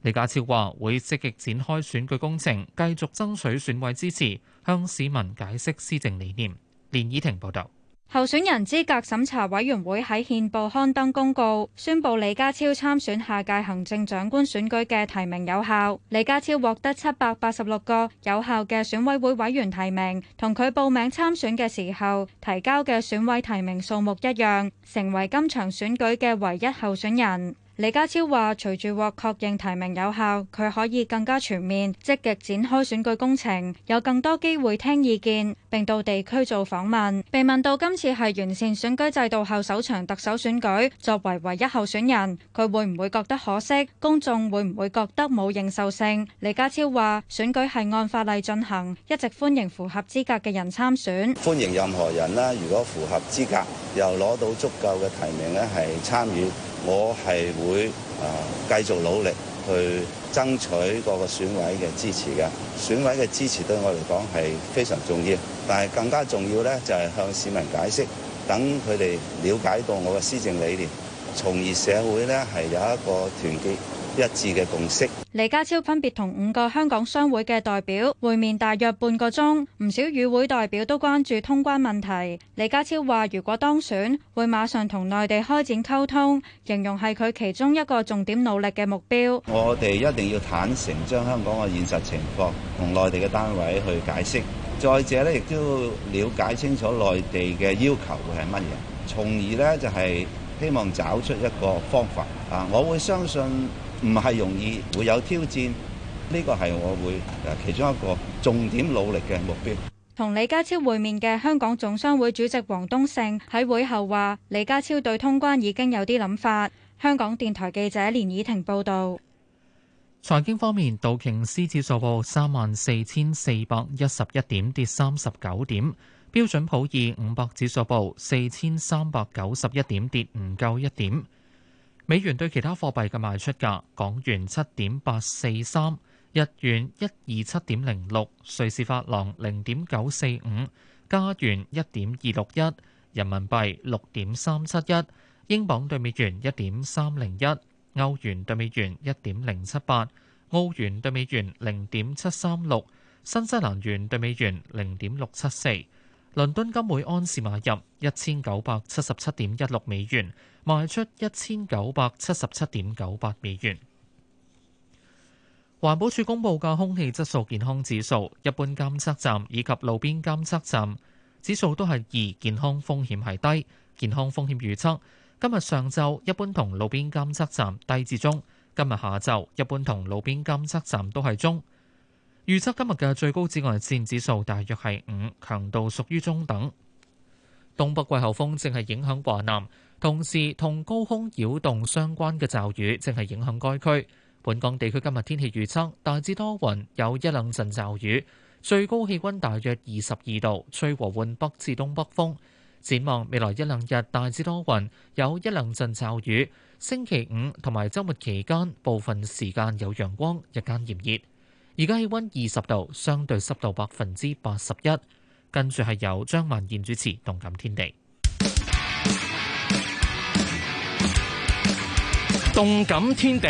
李家超話會積極展開選舉工程，繼續爭取選委支持，向市民解釋施政理念。連倚婷報導。候選人資格審查委員會喺憲報刊登公告，宣布李家超參選下屆行政長官選舉嘅提名有效。李家超獲得七百八十六個有效嘅選委會委員提名，同佢報名參選嘅時候提交嘅選委提名數目一樣，成為今場選舉嘅唯一候選人。李家超話，隨住獲確認提名有效，佢可以更加全面積極展開選舉工程，有更多機會聽意見。並到地區做訪問。被問到今次係完善選舉制度後首場特首選舉，作為唯一候選人，佢會唔會覺得可惜？公眾會唔會覺得冇認受性？李家超話：選舉係按法例進行，一直歡迎符合資格嘅人參選，歡迎任何人啦。如果符合資格又攞到足夠嘅提名咧，係參與，我係會啊繼續努力。去爭取個個選委嘅支持嘅，選委嘅支持對我嚟講係非常重要。但係更加重要咧，就係向市民解釋，等佢哋了解到我嘅施政理念，從而社會咧係有一個團結。一致嘅共識。李家超分別同五個香港商會嘅代表會面，大約半個鐘，唔少與會代表都關注通關問題。李家超話如果當選會馬上同內地開展溝通，形容係佢其中一個重點努力嘅目標，我哋一定要坦誠將香港嘅現實情況同內地嘅單位去解釋，再者咧，亦都要了解清楚內地嘅要求會係乜嘢，從而咧，就係希望找出一個方法。啊，我會相信。唔係容易會有挑戰，呢個係我會誒其中一個重點努力嘅目標。同李家超會面嘅香港總商會主席王東勝喺會後話，李家超對通關已經有啲諗法。香港電台記者連以婷報道。財經方面，道瓊斯指數報三萬四千四百一十一點跌三十九點，標準普爾五百指數報四千三百九十一點跌唔夠一點。美元對其他貨幣嘅賣出價：港元七點八四三，日元一二七點零六，瑞士法郎零點九四五，加元一點二六一，人民幣六點三七一，英鎊兌美元一點三零一，歐元兌美元一點零七八，澳元兌美元零點七三六，新西蘭元兌美元零點六七四。倫敦金每安士買入一千九百七十七點一六美元，賣出一千九百七十七點九八美元。環保署公布嘅空氣質素健康指數，一般監測站以及路邊監測站指數都係二，健康風險係低。健康風險預測，今日上晝一般同路邊監測站低至中，今日下晝一般同路邊監測站都係中。預測今日嘅最高紫外線指數大約係五，強度屬於中等。東北季候風正係影響華南，同時同高空擾動相關嘅驟雨正係影響該區。本港地區今日天氣預測大致多雲，有一兩陣驟雨，最高氣溫大約二十二度，吹和緩北至東北風。展望未來一兩日大致多雲，有一兩陣驟雨。星期五同埋週末期間，部分時間有陽光，日間炎熱。而家氣溫二十度，相對濕度百分之八十一。跟住係由張曼燕主持《動感天地》。《動感天地》。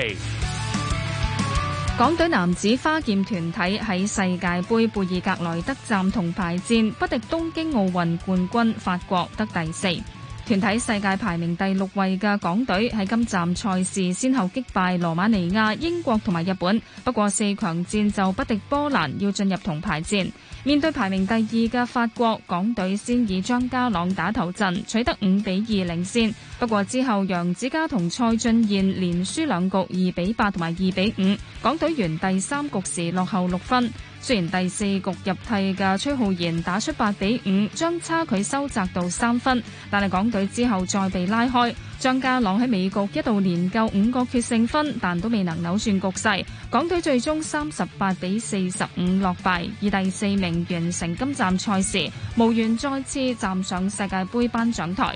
港隊男子花劍團體喺世界杯貝爾格萊德站銅牌戰，不敵東京奧運冠軍法國得第四。團體世界排名第六位嘅港隊喺今站賽事先後擊敗羅馬尼亞、英國同埋日本，不過四強戰就不敵波蘭，要進入銅牌戰。面對排名第二嘅法國，港隊先以張家朗打頭陣，取得五比二領先。不過之後楊子嘉同蔡俊彥連輸兩局，二比八同埋二比五，港隊完第三局時落後六分。雖然第四局入替嘅崔浩然打出八比五，將差距收窄到三分，但係港隊之後再被拉開。張家朗喺尾局一度連救五個決勝分，但都未能扭轉局勢。港隊最終三十八比四十五落敗，以第四名完成今站賽事，無緣再次站上世界杯頒獎台。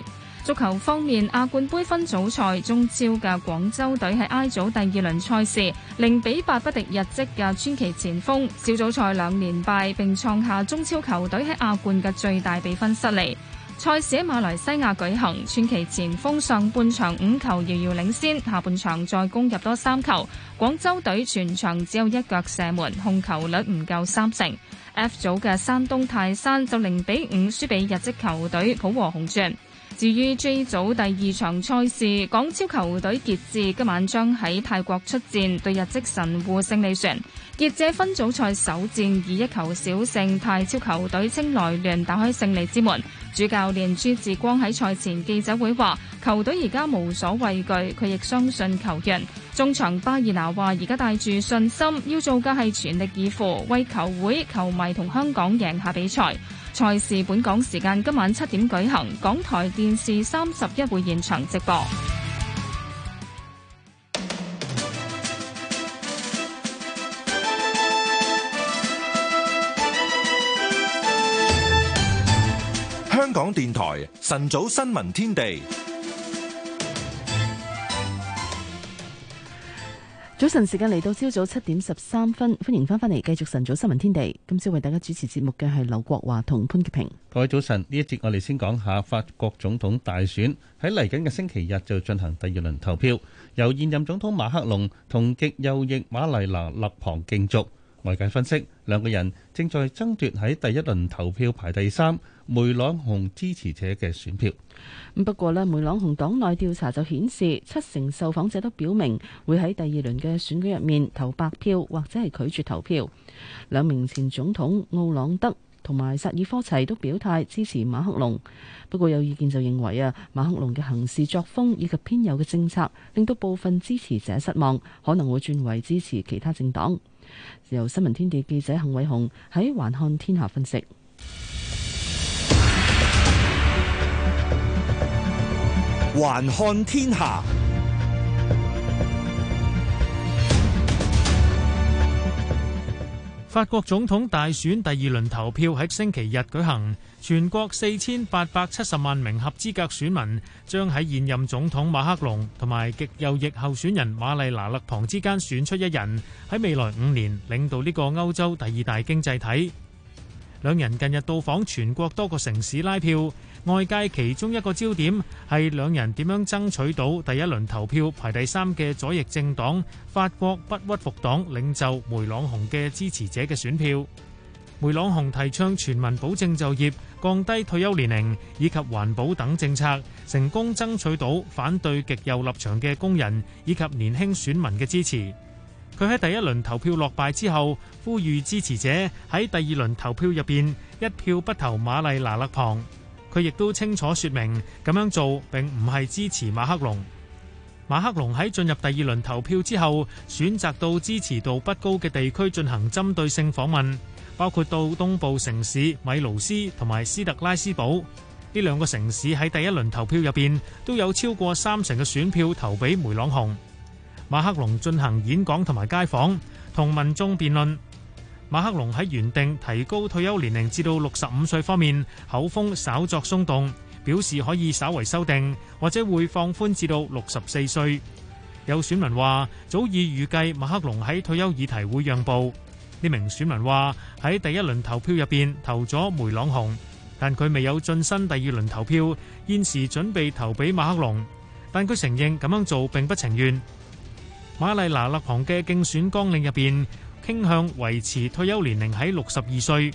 足球方面，亞冠杯分組賽，中超嘅廣州隊喺 I 組第二輪賽事零比八不敵日職嘅川崎前鋒，小組賽兩連敗，並創下中超球隊喺亞冠嘅最大比分失利。賽事喺馬來西亞舉行，川崎前鋒上半場五球遙遙領先，下半場再攻入多三球，廣州隊全場只有一腳射門，控球率唔夠三成。F 組嘅山東泰山就零比五輸俾日職球隊浦和紅鑽。至於 J 組第二場賽事，港超球隊傑志今晚將喺泰國出戰對日職神戶勝利船。傑志分組賽首戰以一球小勝泰超球隊清萊聯，打開勝利之門。主教練朱志光喺賽前記者會話：球隊而家無所畏懼，佢亦相信球員。中場巴爾拿話：而家帶住信心，要做嘅係全力以赴，為球會、球迷同香港贏下比賽。賽事本港時間今晚七點舉行，港台電視三十一會現場直播。香港電台晨早新聞天地。早晨時間嚟到朝早七點十三分，歡迎翻返嚟繼續晨早新聞天地。今朝為大家主持節目嘅係劉國華同潘潔平。各位早晨，呢一節我哋先講下法國總統大選喺嚟緊嘅星期日就進行第二輪投票，由現任總統馬克龍同極右翼瑪麗娜勒龐競逐。外界分析，兩個人正在爭奪喺第一輪投票排第三。梅朗雄支持者嘅選票。不過呢，梅朗雄黨內調查就顯示，七成受訪者都表明會喺第二輪嘅選舉入面投白票或者係拒絕投票。兩名前總統奧朗德同埋薩爾科齊都表態支持馬克龍，不過有意見就認為啊，馬克龍嘅行事作風以及偏右嘅政策令到部分支持者失望，可能會轉為支持其他政黨。由新聞天地記者幸偉雄喺環看天下分析。環看天下，法國總統大選第二輪投票喺星期日舉行，全國四千八百七十萬名合資格選民將喺現任總統馬克龍同埋極右翼候選人瑪麗娜勒龐之間選出一人，喺未來五年領導呢個歐洲第二大經濟體。兩人近日到訪全國多個城市拉票。外界其中一個焦點，係兩人點樣爭取到第一輪投票排第三嘅左翼政黨法國不屈服黨領袖梅朗雄嘅支持者嘅選票。梅朗雄提倡全民保證就業、降低退休年齡，以及環保等政策，成功爭取到反對極右立場嘅工人以及年輕選民嘅支持。佢喺第一輪投票落敗之後呼籲支持者喺第二輪投票入邊一票不投瑪麗拿勒旁。佢亦都清楚説明，咁樣做並唔係支持馬克龍。馬克龍喺進入第二輪投票之後，選擇到支持度不高嘅地區進行針對性訪問，包括到東部城市米盧斯同埋斯特拉斯堡。呢兩個城市喺第一輪投票入邊，都有超過三成嘅選票投俾梅朗雄。馬克龍進行演講同埋街訪，同民眾辯論。馬克龍喺原定提高退休年齡至到六十五歲方面口風稍作鬆動，表示可以稍為修訂，或者會放寬至到六十四歲。有選民話早已預計馬克龍喺退休議題會讓步。呢名選民話喺第一輪投票入邊投咗梅朗雄，但佢未有晉身第二輪投票，現時準備投俾馬克龍，但佢承認咁樣做並不情願。馬麗娜勒龐嘅競選綱領入邊，傾向維持退休年齡喺六十二歲。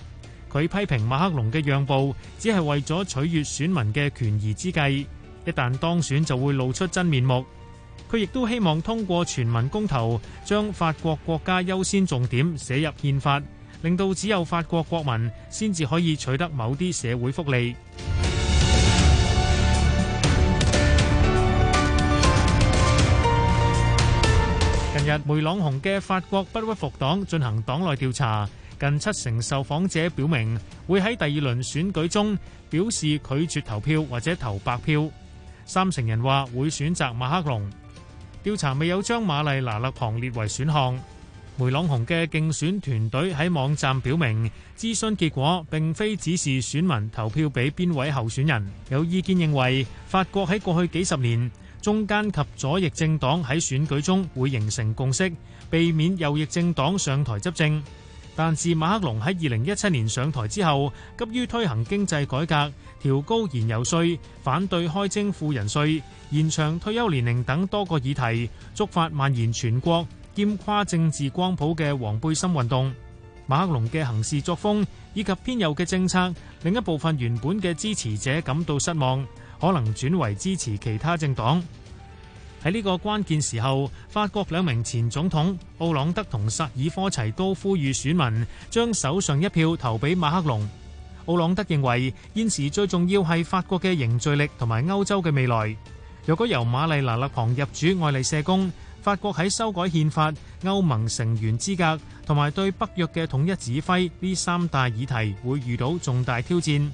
佢批評馬克龍嘅讓步只係為咗取悅選民嘅權宜之計，一旦當選就會露出真面目。佢亦都希望通過全民公投將法國國家優先重點寫入憲法，令到只有法國國民先至可以取得某啲社會福利。日梅朗雄嘅法國不屈服黨進行黨內調查，近七成受訪者表明會喺第二輪選舉中表示拒絕投票或者投白票，三成人話會選擇馬克龍。調查未有將瑪麗娜勒龐列為選項。梅朗雄嘅競選團隊喺網站表明，諮詢結果並非指示選民投票俾邊位候選人。有意見認為，法國喺過去幾十年。中間及左翼政黨喺選舉中會形成共識，避免右翼政黨上台執政。但自馬克龍喺二零一七年上台之後，急於推行經濟改革、調高燃油稅、反對開徵富人稅、延長退休年齡等多個議題，觸發蔓延全國兼跨政治光譜嘅黃背心運動。馬克龍嘅行事作風以及偏右嘅政策，令一部分原本嘅支持者感到失望。可能轉為支持其他政黨。喺呢個關鍵時候，法國兩名前總統奧朗德同薩爾科齊都呼籲選民將手上一票投俾馬克龍。奧朗德認為現時最重要係法國嘅凝聚力同埋歐洲嘅未來。若果由瑪麗娜勒旁入主愛麗舍宮，法國喺修改憲法、歐盟成員資格同埋對北約嘅統一指揮呢三大議題會遇到重大挑戰。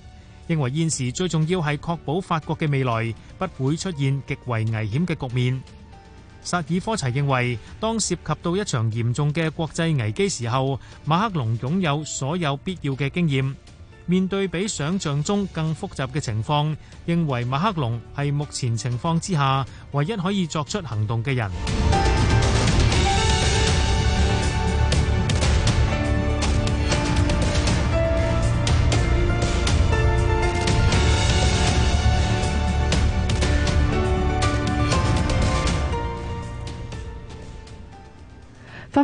認為現時最重要係確保法國嘅未來不會出現極為危險嘅局面。薩爾科齊認為，當涉及到一場嚴重嘅國際危機時候，馬克龍擁有所有必要嘅經驗。面對比想象中更複雜嘅情況，認為馬克龍係目前情況之下唯一可以作出行動嘅人。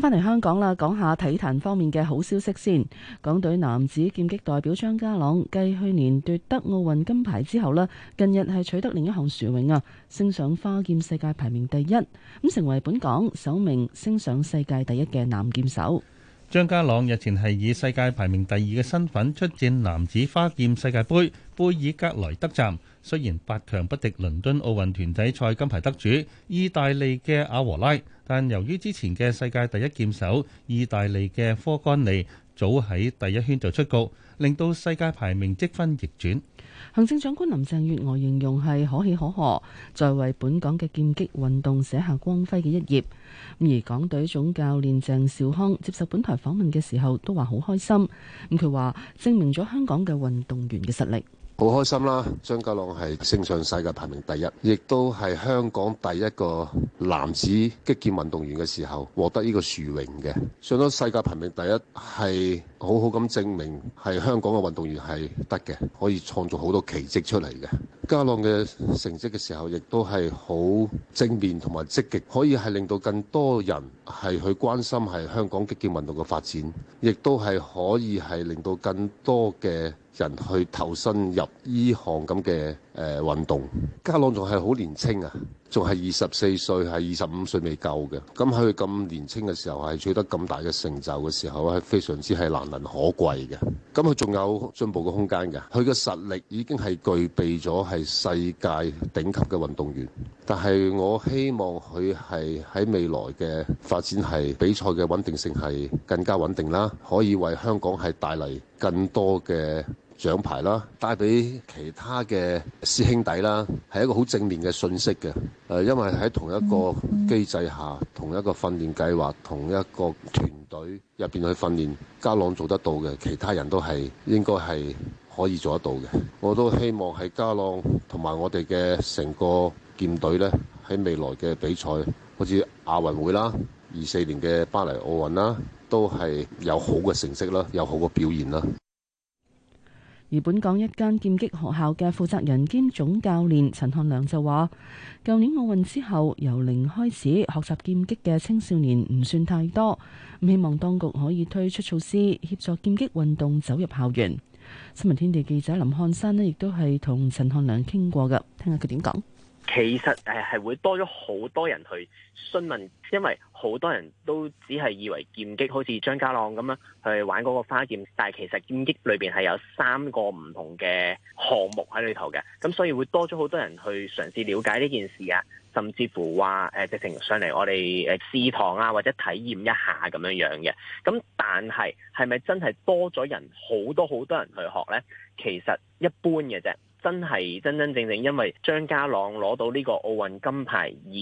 翻嚟香港啦，講下體壇方面嘅好消息先。港隊男子劍擊代表張家朗繼去年奪得奧運金牌之後呢，近日係取得另一項殊榮啊，升上花劍世界排名第一，咁成為本港首名升上世界第一嘅男劍手。張家朗日前係以世界排名第二嘅身份出戰男子花劍世界盃貝爾格萊德站，雖然八強不敵倫敦奧運團體賽金牌得主意大利嘅阿和拉，但由於之前嘅世界第一劍手意大利嘅科干尼早喺第一圈就出局，令到世界排名積分逆轉。行政長官林鄭月娥形容係「可喜可賀」，在為本港嘅劍擊運動寫下光輝嘅一頁。而港隊總教練鄭少康接受本台訪問嘅時候都話好開心。咁佢話證明咗香港嘅運動員嘅實力。好開心啦！張家朗係升上世界排名第一，亦都係香港第一個男子擊劍運動員嘅時候獲得呢個殊榮嘅。上咗世界排名第一，係好好咁證明係香港嘅運動員係得嘅，可以創造好多奇蹟出嚟嘅。家朗嘅成績嘅時候，亦都係好正面同埋積極，可以係令到更多人係去關心係香港擊劍運動嘅發展，亦都係可以係令到更多嘅。人去投身入依項咁嘅誒運動，家朗仲係好年輕啊，仲係二十四歲，係二十五歲未夠嘅。咁佢咁年輕嘅時候，係取得咁大嘅成就嘅時候，係非常之係難能可貴嘅。咁佢仲有進步嘅空間嘅，佢嘅實力已經係具備咗係世界頂級嘅運動員，但係我希望佢係喺未來嘅發展係比賽嘅穩定性係更加穩定啦，可以為香港係帶嚟更多嘅。獎牌啦，帶俾其他嘅師兄弟啦，係一個好正面嘅訊息嘅。誒，因為喺同一個機制下，同一個訓練計劃，同一個團隊入邊去訓練，家朗做得到嘅，其他人都係應該係可以做得到嘅。我都希望係家朗同埋我哋嘅成個劍隊呢，喺未來嘅比賽，好似亞運會啦，二四年嘅巴黎奧運啦，都係有好嘅成績啦，有好嘅表現啦。而本港一間劍擊學校嘅負責人兼總教練陳漢良就話，舊年奧運之後，由零開始學習劍擊嘅青少年唔算太多，希望當局可以推出措施協助劍擊運動走入校園。新聞天地記者林漢山咧，亦都係同陳漢良傾過噶，聽下佢點講。其實誒係會多咗好多人去詢問，因為。好多人都只係以為劍擊好似張家朗咁樣去玩嗰個花劍，但係其實劍擊裏邊係有三個唔同嘅項目喺裏頭嘅，咁所以會多咗好多人去嘗試了解呢件事啊，甚至乎話誒、呃、直情上嚟我哋誒試堂啊，或者體驗一下咁樣樣嘅。咁但係係咪真係多咗人好多好多人去學呢？其實一般嘅啫。真係真真正正因為張家朗攞到呢個奧運金牌而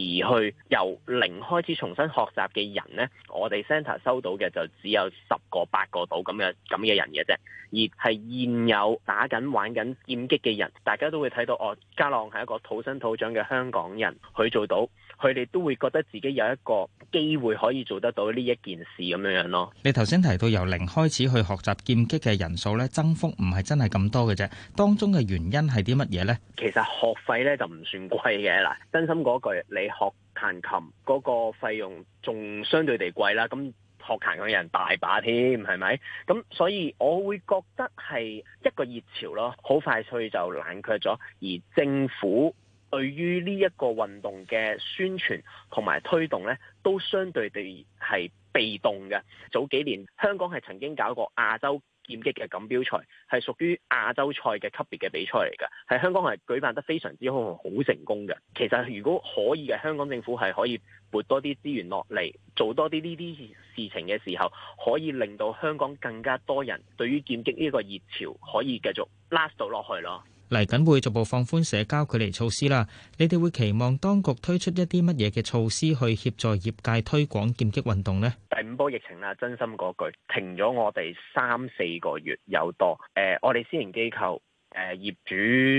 去由零開始重新學習嘅人咧，我哋 center 收到嘅就只有十個八個到咁樣咁嘅人嘅啫，而係現有打緊玩緊劍擊嘅人，大家都會睇到哦，家朗係一個土生土長嘅香港人，佢做到。佢哋都會覺得自己有一個機會可以做得到呢一件事咁樣樣咯。你頭先提到由零開始去學習劍擊嘅人數咧，增幅唔係真係咁多嘅啫。當中嘅原因係啲乜嘢呢？其實學費咧就唔算貴嘅啦。真心嗰句，你學彈琴嗰個費用仲相對地貴啦。咁學彈琴嘅人大把添，係咪？咁所以我會覺得係一個熱潮咯，好快脆就冷卻咗，而政府，對於呢一個運動嘅宣傳同埋推動呢都相對地係被動嘅。早幾年香港係曾經搞過亞洲劍擊嘅錦標賽，係屬於亞洲賽嘅級別嘅比賽嚟嘅，喺香港係舉辦得非常之好，好成功嘅。其實如果可以嘅，香港政府係可以撥多啲資源落嚟，做多啲呢啲事情嘅時候，可以令到香港更加多人對於劍擊呢個熱潮可以繼續 last 到落去咯。嚟緊會逐步放寬社交距離措施啦，你哋會期望當局推出一啲乜嘢嘅措施去協助業界推廣劍擊運動呢？第五波疫情啦，真心嗰句，停咗我哋三四個月有多。誒、呃，我哋私營機構誒、呃、業主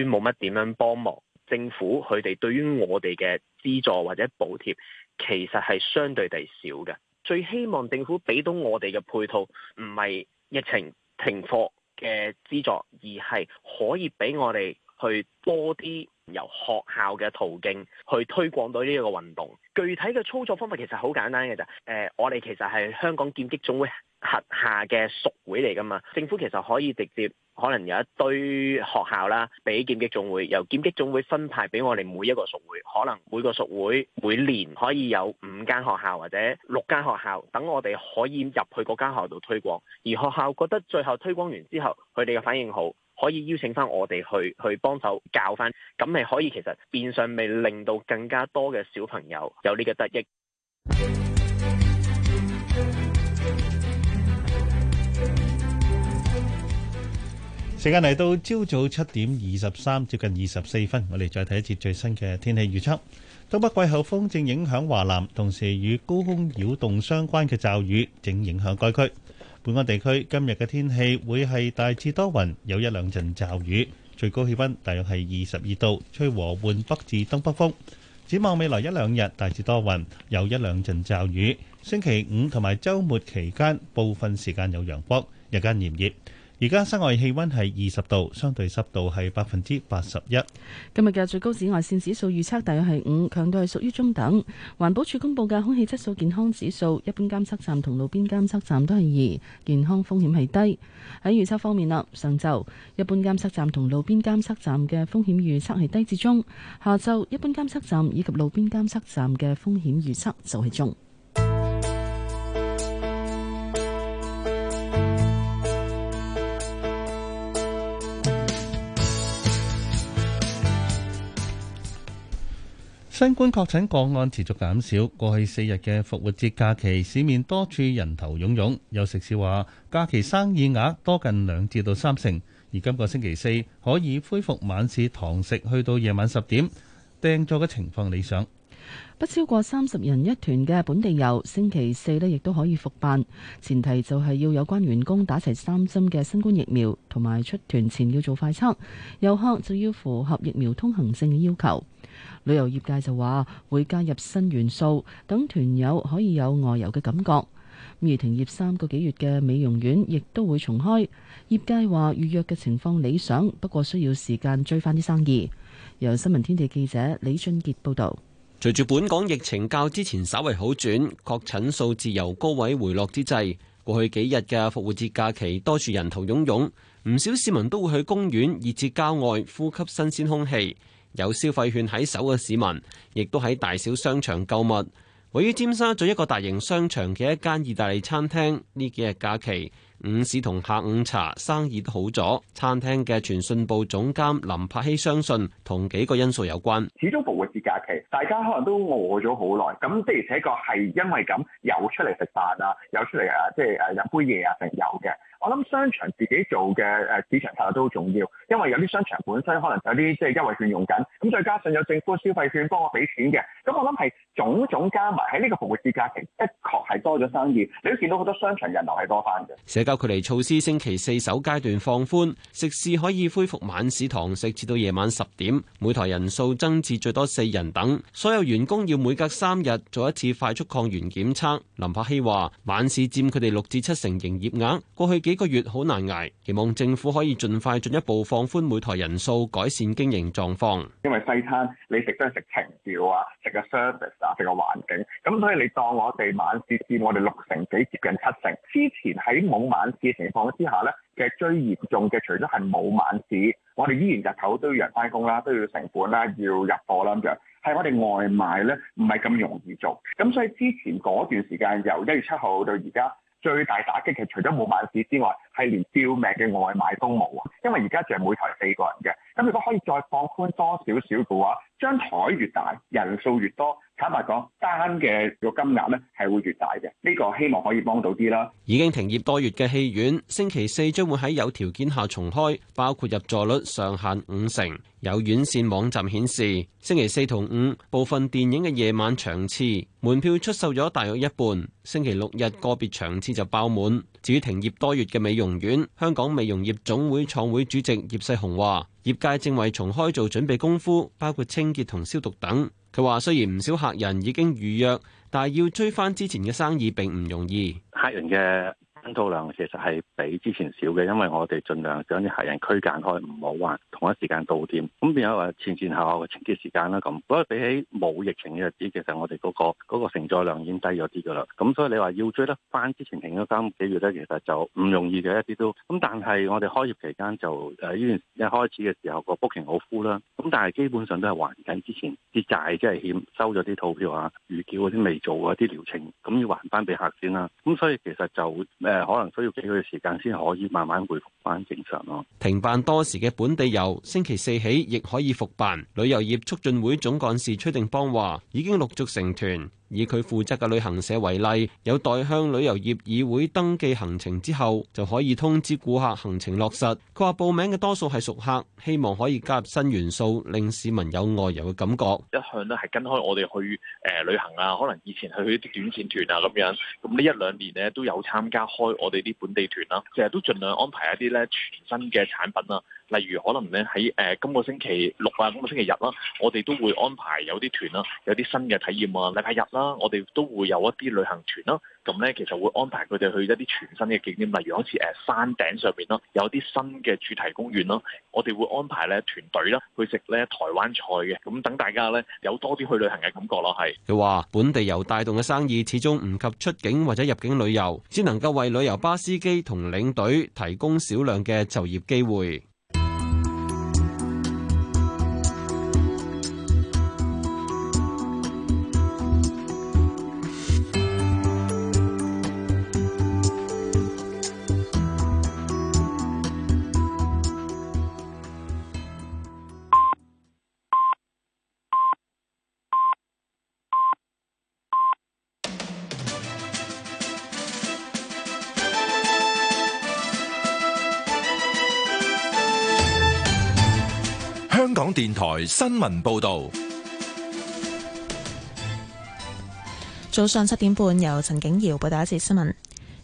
冇乜點樣幫忙，政府佢哋對於我哋嘅資助或者補貼，其實係相對地少嘅。最希望政府俾到我哋嘅配套，唔係疫情停課。嘅資助，而係可以俾我哋去多啲由學校嘅途徑去推廣到呢一個運動。具體嘅操作方法其實好簡單嘅啫。誒、呃，我哋其實係香港劍擊總會轄下嘅屬會嚟噶嘛，政府其實可以直接，可能有一堆學校啦，俾劍擊總會，由劍擊總會分派俾我哋每一個屬會，可能每個屬會每年可以有五間學校或者六間學校，等我哋可以入去嗰間學校度推廣。而學校覺得最後推廣完之後，佢哋嘅反應好，可以邀請翻我哋去去幫手教翻，咁係可以其實變相未令到更加多嘅小朋友有呢個得益。時間嚟到朝早七點二十三，接近二十四分，我哋再睇一次最新嘅天氣預測。東北季候風正影響華南，同時與高空擾動相關嘅驟雨正影響該區。本港地區今日嘅天氣會係大致多雲，有一兩陣驟雨，最高氣溫大約係二十二度，吹和緩北至東北風。展望未來一兩日大致多雲，有一兩陣驟雨。星期五同埋周末期間，部分時間有陽光，日間炎熱。而家室外氣溫係二十度，相對濕度係百分之八十一。今日嘅最高紫外線指數預測大約係五，強度係屬於中等。環保署公布嘅空氣質素健康指數一般監測站同路邊監測站都係二，健康風險係低。喺預測方面啦，上晝一般監測站同路邊監測站嘅風險預測係低至中，下晝一般監測站以及路邊監測站嘅風險預測就係中。新冠確診個案持續減少。過去四日嘅復活節假期，市面多處人頭湧湧。有食肆話假期生意額多近兩至到三成。而今個星期四可以恢復晚市堂食，去到夜晚十點訂座嘅情況理想。不超過三十人一團嘅本地遊，星期四呢亦都可以復辦，前提就係要有關員工打齊三針嘅新冠疫苗，同埋出團前要做快測。遊客就要符合疫苗通行證嘅要求。旅遊業界就話會加入新元素，等團友可以有外遊嘅感覺。而停業三個幾月嘅美容院亦都會重開。業界話預約嘅情況理想，不過需要時間追翻啲生意。由新聞天地記者李俊杰報道。隨住本港疫情較之前稍為好轉，確診數字由高位回落之際，過去幾日嘅復活節假期多處人頭湧湧，唔少市民都會去公園以至郊外呼吸新鮮空氣。有消費券喺手嘅市民，亦都喺大小商場購物。位於尖沙咀一個大型商場嘅一間意大利餐廳，呢幾日假期午市同下午茶生意都好咗。餐廳嘅傳訊部總監林柏希相信，同幾個因素有關。始終復活節假期，大家可能都餓咗好耐，咁的而且確係因為咁，有出嚟食飯啊，有出嚟啊，即係誒飲杯嘢啊，成有嘅。我諗商場自己做嘅誒市場策略都好重要，因為有啲商場本身可能有啲即係優惠券用緊，咁、就是、再加上有政府消費券幫我俾錢嘅，咁我諗係種種加埋喺呢個復活節假期，的確係多咗生意。你都見到好多商場人流係多翻嘅。社交距離措施星期四首階段放寬，食肆可以恢復晚市堂食，至到夜晚十點，每台人數增至最多四人等。所有員工要每隔三日做一次快速抗原檢測。林柏希話：晚市佔佢哋六至七成營業額，過去幾。呢個月好難挨，期望政府可以盡快進一步放寬每台人數，改善經營狀況。因為西餐你食都係食情調啊，食個 service 啊，食個環境。咁所以你當我哋晚市佔我哋六成幾，接近七成。之前喺冇晚市嘅情況之下呢，其實最嚴重嘅，除咗係冇晚市，我哋依然日頭都要人翻工啦，都要成本啦，要入貨啦咁樣。係我哋外賣呢，唔係咁容易做。咁所以之前嗰段時間，由一月七號到而家。最大打擊其實除咗冇晚市之外，係連吊命嘅外賣都冇啊！因為而家就係每台四個人嘅，咁如果可以再放寬多少少嘅話，張台越大，人數越多。坦白講，單嘅個金額呢係會越大嘅，呢個希望可以幫到啲啦。已經停業多月嘅戲院，星期四將會喺有條件下重開，包括入座率上限五成。有院線網站顯示，星期四同五部分電影嘅夜晚場次門票出售咗大約一半。星期六日個別場次就爆滿。至於停業多月嘅美容院，香港美容業總會創會主席葉世雄話，業界正為重開做準備功夫，包括清潔同消毒等。佢話：雖然唔少客人已經預約，但係要追翻之前嘅生意並唔容易。客人嘅吞吐量其實係比之前少嘅，因為我哋盡量想啲客人區隔開，唔好話同一時間到店。咁變咗話前前後後嘅清潔時間啦，咁所以比起冇疫情嘅日子，其實我哋嗰、那個嗰、那個承載量已經低咗啲噶啦。咁所以你話要追得翻之前停咗三幾月咧，其實就唔容易嘅一啲都。咁但係我哋開業期間就誒呢段一開始嘅時候個 booking 好 full 啦。咁但係基本上都係還緊之前啲債，即係欠收咗啲套票啊、預繳嗰啲未做嗰啲療程，咁要還翻俾客先啦。咁所以其實就咩？誒，可能需要幾個月時間先可以慢慢回復翻正常咯。停辦多時嘅本地遊，星期四起亦可以復辦。旅遊業促進會總幹事崔定邦話，已經陸續成團。以佢負責嘅旅行社為例，有代向旅遊業議會登記行程之後，就可以通知顧客行程落實。佢話報名嘅多數係熟客，希望可以加入新元素，令市民有外遊嘅感覺。一向都係跟開我哋去誒旅行啊，可能以前去去啲短線團啊咁樣，咁呢一兩年咧都有參加開我哋啲本地團啦，成日都盡量安排一啲咧全新嘅產品啦。例如可能咧喺誒今個星期六啊，今個星期日啦，我哋都會安排有啲團啦，有啲新嘅體驗啊。禮拜日啦，我哋都會有一啲旅行團啦。咁咧其實會安排佢哋去一啲全新嘅景點，例如好似誒山頂上邊咯，有啲新嘅主題公園咯。我哋會安排咧團隊啦去食咧台灣菜嘅。咁等大家咧有多啲去旅行嘅感覺咯，係。佢話本地遊帶動嘅生意始終唔及出境或者入境旅遊，只能夠為旅遊巴司機同領隊提供少量嘅就業機會。台新聞報道，早上七點半由陳景瑤報道一節新聞。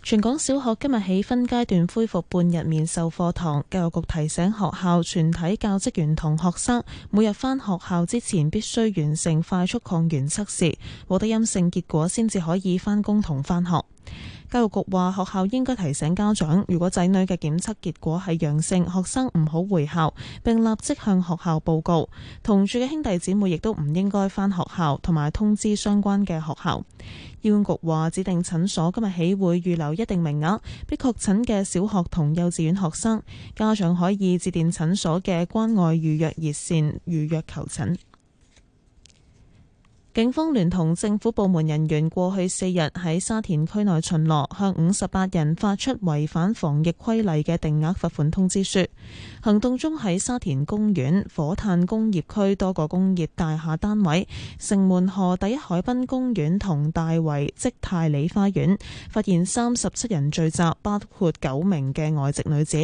全港小學今日起分階段恢復半日面授課堂。教育局提醒學校全體教職員同學生，每日返學校之前必須完成快速抗原測試，獲得陰性結果先至可以返工同返學。教育局話學校應該提醒家長，如果仔女嘅檢測結果係陽性，學生唔好回校，並立即向學校報告。同住嘅兄弟姊妹亦都唔應該返學校，同埋通知相關嘅學校。醫管局話指定診所今日起會預留一定名額，俾確診嘅小學同幼稚園學生，家長可以致電診所嘅關愛預約熱線預約求診。警方聯同政府部門人員，過去四日喺沙田區內巡邏，向五十八人發出違反防疫規例嘅定額罰款通知書。行動中喺沙田公園、火炭工業區多個工業大廈單位、城門河第一海濱公園同大圍積泰里花園，發現三十七人聚集，包括九名嘅外籍女子，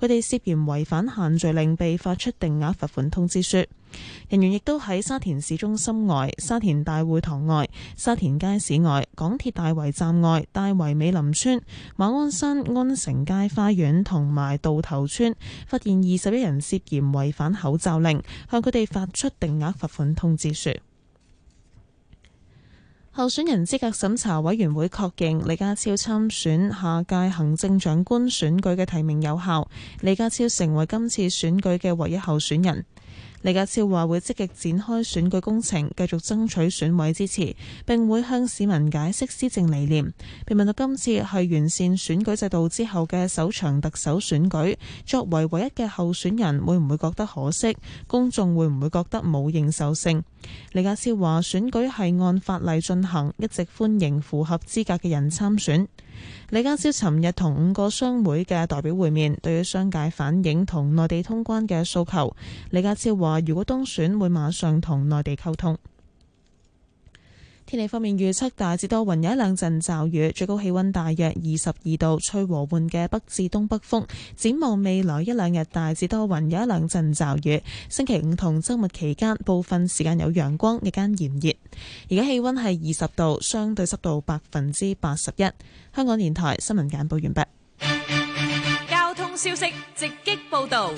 佢哋涉嫌違反限聚令，被發出定額罰款通知書。人員亦都喺沙田市中心外、沙田大會堂外、沙田街市外、港鐵大圍站外、大圍美林村、馬鞍山安城街花園同埋渡頭村，發現二十一人涉嫌違反口罩令，向佢哋發出定額罰款通知書。候選人資格審查委員會確認李家超參選下屆行政長官選舉嘅提名有效，李家超成為今次選舉嘅唯一候選人。李家超話會積極展開選舉工程，繼續爭取選委支持，並會向市民解釋施政理念。被問到今次係完善選舉制度之後嘅首場特首選舉，作為唯一嘅候選人，會唔會覺得可惜？公眾會唔會覺得冇認受性？李家超話選舉係按法例進行，一直歡迎符合資格嘅人參選。李家超尋日同五個商會嘅代表會面，對於商界反映同內地通關嘅訴求，李家超話：如果當選，會馬上同內地溝通。天氣方面預測大致多雲，有一兩陣驟雨，最高氣溫大約二十二度，吹和緩嘅北至東北風。展望未來一兩日，大致多雲，有一兩陣驟雨。星期五同週末期間，部分時間有陽光，日間炎熱。而家氣溫係二十度，相對濕度百分之八十一。香港電台新聞簡報完畢。交通消息直擊報道。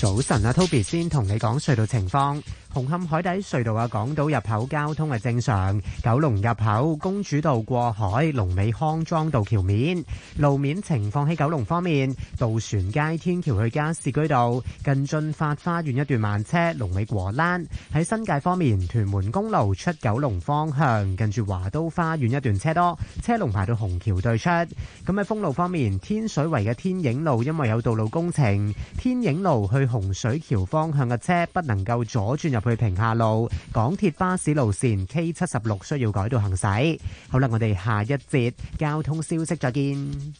早晨啊，Toby 先同你講隧道情況。紅磡海底隧道嘅港島入口交通係正常，九龍入口公主道過海、龍尾康莊道橋面路面情況。喺九龍方面，渡船街天橋去加士居道近駿發花園一段慢車，龍尾果欄。喺新界方面，屯門公路出九龍方向近住華都花園一段車多，車龍排到紅橋對出。咁喺封路方面，天水圍嘅天影路因為有道路工程，天影路去洪水橋方向嘅車不能夠左轉入入去平下路，港鐵巴士路線 K 七十六，需要改道行駛。好啦，我哋下一節交通消息再見。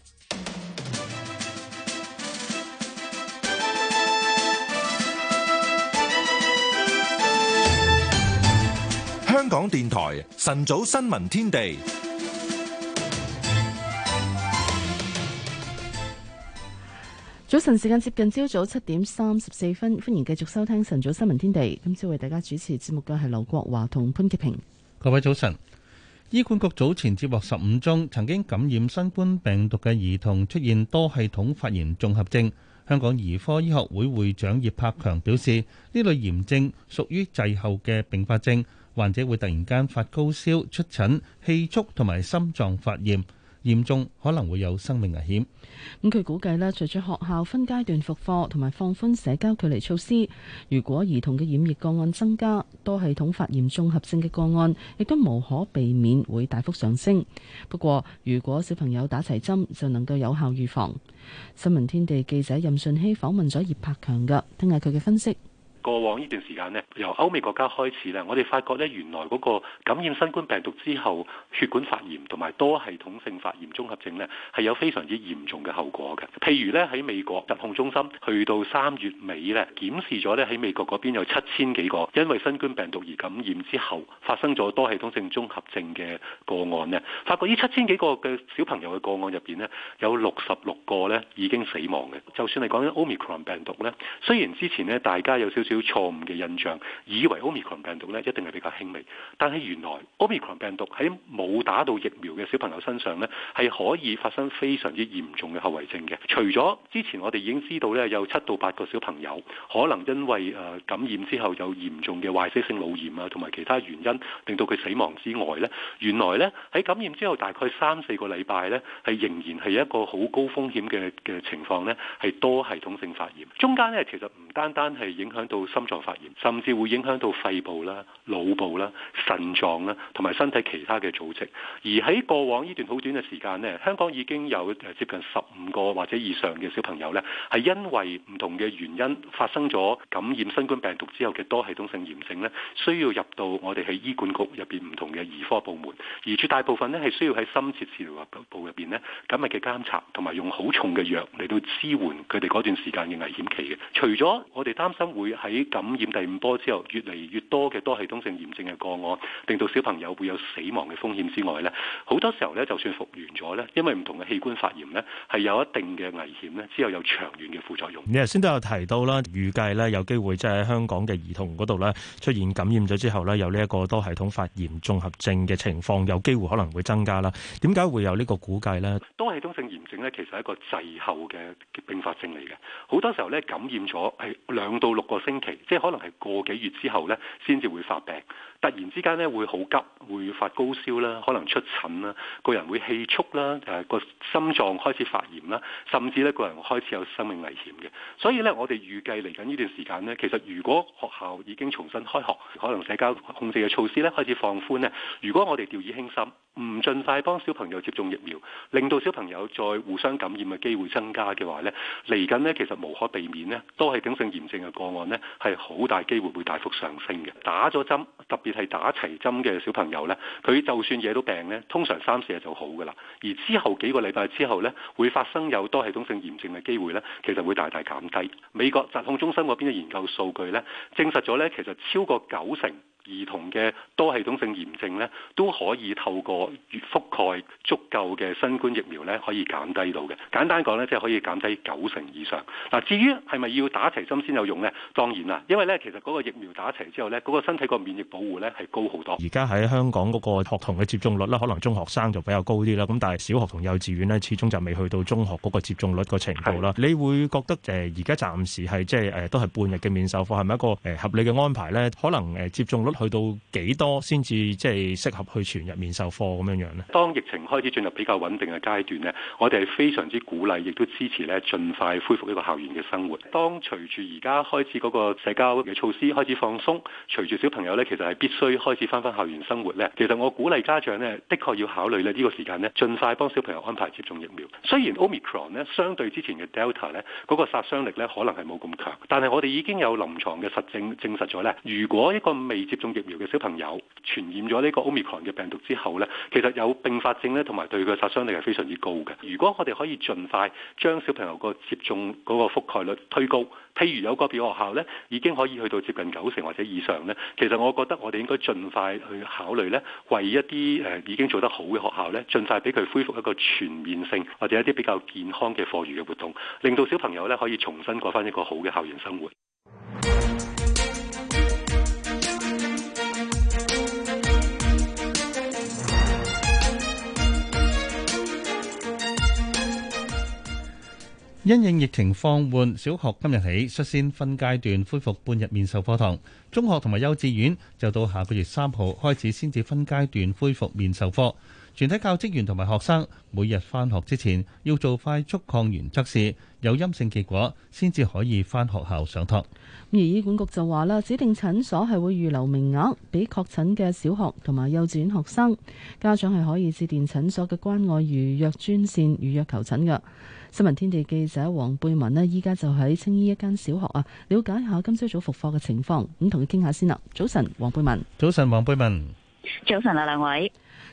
香港電台晨早新聞天地。早晨時間接近朝早七點三十四分，歡迎繼續收聽晨早新聞天地。今朝為大家主持節目嘅係劉國華同潘潔平。各位早晨。醫管局早前接獲十五宗曾經感染新冠病毒嘅兒童出現多系統發炎綜合症。香港兒科醫學會會長葉柏強表示，呢類炎症屬於滯後嘅併發症，患者會突然間發高燒、出疹、氣促同埋心臟發炎，嚴重可能會有生命危險。咁佢估計咧，除咗學校分階段復課同埋放寬社交距離措施，如果兒童嘅染疫個案增加，多系統發炎綜合症嘅個案亦都無可避免會大幅上升。不過，如果小朋友打齊針，就能夠有效預防。新聞天地記者任順希訪問咗葉柏強㗎，聽下佢嘅分析。過往呢段時間咧，由歐美國家開始咧，我哋發覺咧，原來嗰個感染新冠病毒之後血管發炎同埋多系統性發炎綜合症咧，係有非常之嚴重嘅後果嘅。譬如咧，喺美國疾控中心去到三月尾咧，檢視咗咧，喺美國嗰邊有七千幾個因為新冠病毒而感染之後發生咗多系統性綜合症嘅個案咧，發覺呢七千幾個嘅小朋友嘅個案入邊咧，有六十六個咧已經死亡嘅。就算你講緊 Omicron 病毒咧，雖然之前咧大家有少少。錯誤嘅印象，以為 Omicron 病毒咧一定係比較輕微，但係原來 Omicron 病毒喺冇打到疫苗嘅小朋友身上咧，係可以發生非常之嚴重嘅後遺症嘅。除咗之前我哋已經知道咧，有七到八個小朋友可能因為誒感染之後有嚴重嘅壞死性腦炎啊，同埋其他原因令到佢死亡之外咧，原來咧喺感染之後大概三四個禮拜咧，係仍然係一個好高風險嘅嘅情況咧，係多系統性發炎。中間咧其實唔單單係影響到。到心臟發炎，甚至會影響到肺部啦、腦部啦、腎臟啦，同埋身體其他嘅組織。而喺過往呢段好短嘅時間呢，香港已經有接近十五個或者以上嘅小朋友，呢係因為唔同嘅原因發生咗感染新冠病毒之後嘅多系統性炎症，呢需要入到我哋喺醫管局入邊唔同嘅兒科部門，而絕大部分呢係需要喺深切治療部入邊，呢緊密嘅監察同埋用好重嘅藥嚟到支援佢哋嗰段時間嘅危險期嘅。除咗我哋擔心會係喺感染第五波之後，越嚟越多嘅多系統性炎症嘅個案，令到小朋友會有死亡嘅風險之外呢，好多時候咧，就算復原咗呢，因為唔同嘅器官發炎呢，係有一定嘅危險呢，之後有長遠嘅副作用。你頭先都有提到啦，預計呢，有機會即係香港嘅兒童嗰度呢，出現感染咗之後呢，有呢一個多系統發炎綜合症嘅情況，有機會可能會增加啦。點解會有呢個估計呢？多系統性炎症呢，其實係一個滯後嘅併發症嚟嘅。好多時候呢，感染咗係兩到六個星即係可能係個幾月之後咧，先至會發病。突然之間咧，會好急，會發高燒啦，可能出疹啦，個人會氣促啦，誒個心臟開始發炎啦，甚至咧個人開始有生命危險嘅。所以咧，我哋預計嚟緊呢段時間呢，其實如果學校已經重新開學，可能社交控制嘅措施咧開始放寬呢，如果我哋掉以輕心，唔盡快幫小朋友接種疫苗，令到小朋友再互相感染嘅機會增加嘅話呢，嚟緊呢其實無可避免呢，都係典型炎症嘅個案呢，係好大機會會大幅上升嘅。打咗針特係打齊針嘅小朋友呢，佢就算惹到病呢，通常三四日就好噶啦。而之後幾個禮拜之後呢，會發生有多系統性炎症嘅機會呢，其實會大大減低。美國疾控中心嗰邊嘅研究數據呢，證實咗呢，其實超過九成。兒童嘅多系統性炎症咧，都可以透過覆蓋足夠嘅新冠疫苗咧，可以減低到嘅。簡單講咧，即係可以減低九成以上。嗱，至於係咪要打齊針先有用咧？當然啦，因為咧其實嗰個疫苗打齊之後咧，嗰個身體個免疫保護咧係高好多。而家喺香港嗰個學童嘅接種率咧，可能中學生就比較高啲啦。咁但係小學同幼稚園咧，始終就未去到中學嗰個接種率個程度啦。的你會覺得誒而家暫時係即係誒都係半日嘅面授課係咪一個誒合理嘅安排咧？可能誒接種率。去到幾多先至即係適合去全日面授課咁樣樣呢？當疫情開始進入比較穩定嘅階段呢，我哋係非常之鼓勵，亦都支持咧，盡快恢復呢個校園嘅生活。當隨住而家開始嗰個社交嘅措施開始放鬆，隨住小朋友咧其實係必須開始翻返校園生活咧。其實我鼓勵家長呢，的確要考慮咧呢個時間呢，盡快幫小朋友安排接種疫苗。雖然 Omicron 呢，相對之前嘅 Delta 咧嗰個殺傷力咧可能係冇咁強，但係我哋已經有臨床嘅實證證實咗咧，如果一個未接種疫苗嘅小朋友傳染咗呢個 Omicron 嘅病毒之後呢，其實有併發症呢，同埋對佢嘅殺傷力係非常之高嘅。如果我哋可以盡快將小朋友個接種嗰個覆蓋率推高，譬如有個別學校呢，已經可以去到接近九成或者以上呢。其實我覺得我哋應該盡快去考慮呢，為一啲誒已經做得好嘅學校呢，盡快俾佢恢復一個全面性或者一啲比較健康嘅課餘嘅活動，令到小朋友呢可以重新過翻一個好嘅校園生活。因應疫情放緩，小學今日起率先分階段恢復半日面授課堂，中學同埋幼稚園就到下個月三號開始先至分階段恢復面授課。全體教職員同埋學生每日翻學之前要做快速抗原測試，有陰性結果先至可以翻學校上堂。而醫管局就話啦，指定診所係會預留名額俾確診嘅小學同埋幼稚園學生，家長係可以致電診所嘅關愛預約專線預約求診㗎。新聞天地記者黃貝文呢，依家就喺青衣一間小學啊，了解下今朝早復課嘅情況。咁同佢傾下先啦。早晨，黃貝文。早晨，黃貝文。早晨啊，兩位。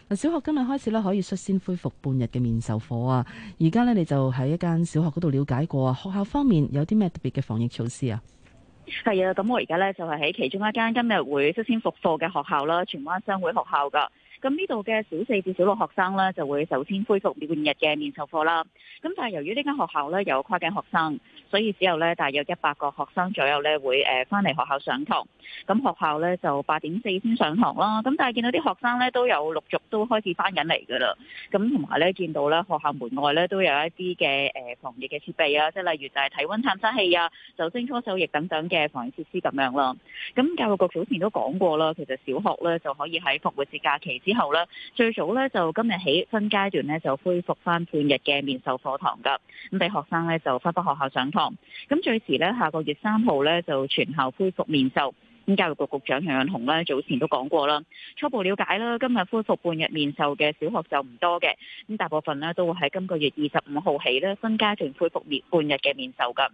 嗱，小學今日開始咧可以率先恢復半日嘅面授課啊。而家呢，你就喺一間小學嗰度了解過啊。學校方面有啲咩特別嘅防疫措施啊？係啊，咁我而家呢，就係喺其中一間今日會率先復課嘅學校啦，荃灣商會學校噶。咁呢度嘅小四至小六學生呢，就會首先恢復半日嘅面授課啦。咁但係由於呢間學校呢有跨境學生，所以只有呢大約一百個學生左右呢會誒翻嚟學校上堂。咁學校呢就八點四先上堂啦。咁但係見到啲學生呢都有陸續都開始翻緊嚟㗎啦。咁同埋呢見到呢學校門外呢都有一啲嘅誒防疫嘅設備啊，即係例如就係體温探測器啊、酒精搓手液等等嘅防疫設施咁樣啦。咁教育局早前都講過啦，其實小學呢就可以喺復活節假期。之後咧，最早呢，就今日起分階段呢，就恢復翻半日嘅面授課堂噶，咁俾學生呢，就翻返學校上堂。咁最遲呢，下個月三號呢，就全校恢復面授。咁教育局局長楊潤雄咧早前都講過啦，初步了解啦，今日恢復半日面授嘅小學就唔多嘅，咁大部分呢，都會喺今個月二十五號起呢，分階段恢復面半日嘅面授噶。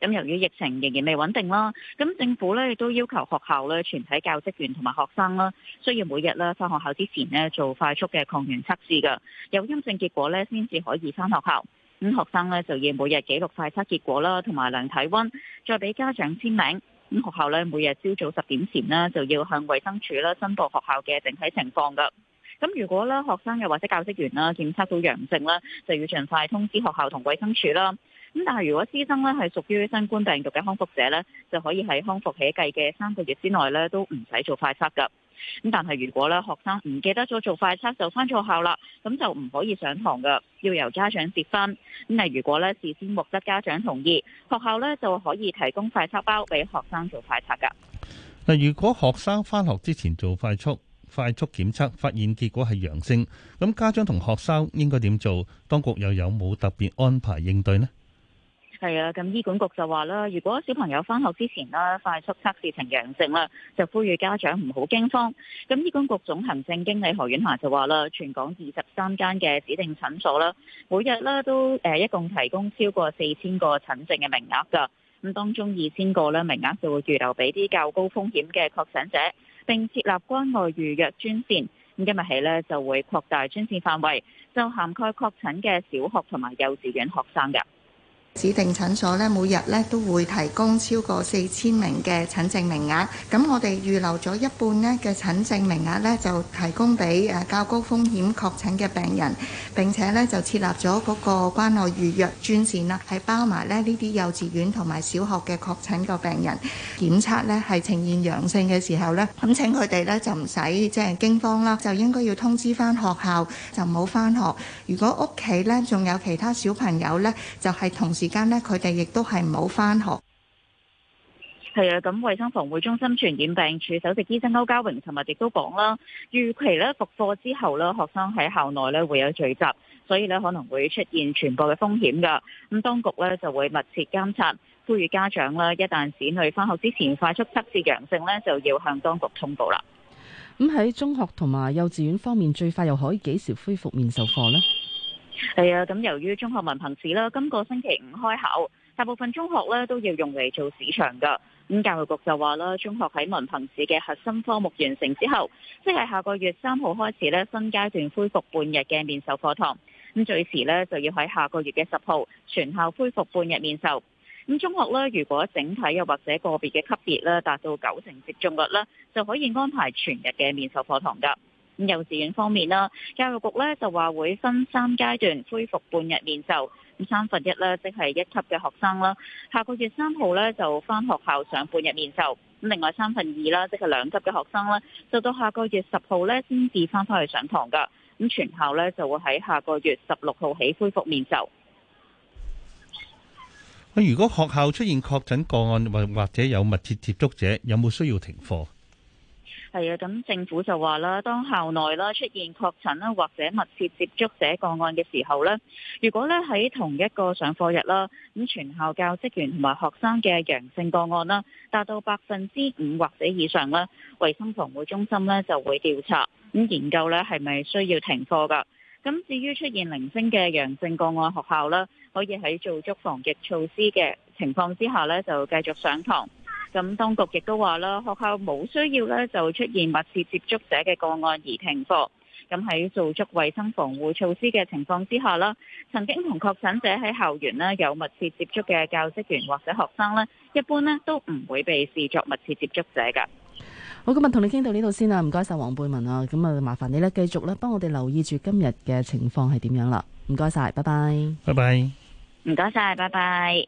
咁由於疫情仍然未穩定啦，咁政府咧亦都要求學校咧，全體教職員同埋學生啦，需要每日咧返學校之前咧做快速嘅抗原測試嘅，有陰性結果咧先至可以返學校。咁學生咧就要每日記錄快測結果啦，同埋量體温，再俾家長簽名。咁學校咧每日朝早十點前咧就要向衛生署咧申報學校嘅整體情況嘅。咁如果咧學生又或者教職員啦檢測到陽性咧，就要盡快通知學校同衛生署啦。咁但係如果師生咧係屬於新冠病毒嘅康復者咧，就可以喺康復起計嘅三個月之內咧都唔使做快測噶。咁但係如果咧學生唔記得咗做快測就翻咗學校啦，咁就唔可以上堂噶，要由家長接翻。咁啊，如果咧事先獲得家長同意，學校咧就可以提供快測包俾學生做快測噶。嗱，如果學生翻學之前做快速快速檢測，發現結果係陽性，咁家長同學生應該點做？當局又有冇特別安排應對呢？係啊，咁醫管局就話啦，如果小朋友返學之前啦，快速測試呈陽性啦，就呼籲家長唔好驚慌。咁醫管局總行政經理何婉霞就話啦，全港二十三間嘅指定診所啦，每日咧都誒、呃，一共提供超過四千個診症嘅名額噶。咁當中二千個咧名額就會預留俾啲較高風險嘅確診者，並設立關愛預約專線。咁今日起呢，就會擴大專線範圍，就涵蓋確診嘅小學同埋幼稚園學生嘅。指定診所咧，每日咧都會提供超過四千名嘅診症名額。咁我哋預留咗一半咧嘅診症名額咧，就提供俾誒較高風險確診嘅病人。並且咧就設立咗嗰個關愛預約專線啦，係包埋咧呢啲幼稚園同埋小學嘅確診個病人，檢測咧係呈現陽性嘅時候咧，咁請佢哋咧就唔使即係驚慌啦，就應該要通知翻學校就唔好翻學。如果屋企呢仲有其他小朋友呢，就係、是、同時。而家咧，佢哋亦都係唔好翻學。係啊，咁衛生防護中心傳染病處首席醫生歐家榮尋日亦都講啦，預期咧復課之後咧，學生喺校內咧會有聚集，所以咧可能會出現傳播嘅風險噶。咁當局咧就會密切監察，呼籲家長啦，一旦子女翻學之前快速測試陽性咧，就要向當局通報啦。咁喺中學同埋幼稚園方面，最快又可以幾時恢復面授課呢？係啊，咁、嗯、由於中學文憑試咧，今個星期五開考，大部分中學咧都要用嚟做市場噶。咁教育局就話啦，中學喺文憑試嘅核心科目完成之後，即係下個月三號開始咧，新階段恢復半日嘅面授課堂。咁最遲咧就要喺下個月嘅十號，全校恢復半日面授。咁中學咧，如果整體又或者個別嘅級別咧達到九成接種率咧，就可以安排全日嘅面授課堂噶。咁幼稚園方面啦，教育局咧就話會分三階段恢復半日面授，咁三分一咧即係一級嘅學生啦，下個月三號咧就翻學校上半日面授，咁另外三分二啦，即係兩級嘅學生啦，就到下個月十號咧先至翻翻去上堂噶，咁全校咧就會喺下個月十六號起恢復面授。咁如果學校出現確診個案或或者有密切接觸者，有冇需要停課？係啊，咁政府就話啦，當校內啦出現確診啦或者密切接觸者個案嘅時候咧，如果咧喺同一個上課日啦，咁全校教職員同埋學生嘅陽性個案啦達到百分之五或者以上啦，衛生防護中心咧就會調查，咁研究咧係咪需要停課噶。咁至於出現零星嘅陽性個案學校啦，可以喺做足防疫措施嘅情況之下咧，就繼續上堂。咁當局亦都話啦，學校冇需要咧就出現密切接觸者嘅個案而停課。咁喺做足衛生防護措施嘅情況之下啦，曾經同確診者喺校園呢有密切接觸嘅教職員或者學生呢，一般呢都唔會被視作密切接觸者噶。好，今日同你傾到呢度先啦，唔該晒黃貝文啊。咁啊，麻煩你咧繼續咧幫我哋留意住今日嘅情況係點樣啦。唔該晒，拜拜，拜拜，唔該晒，拜拜。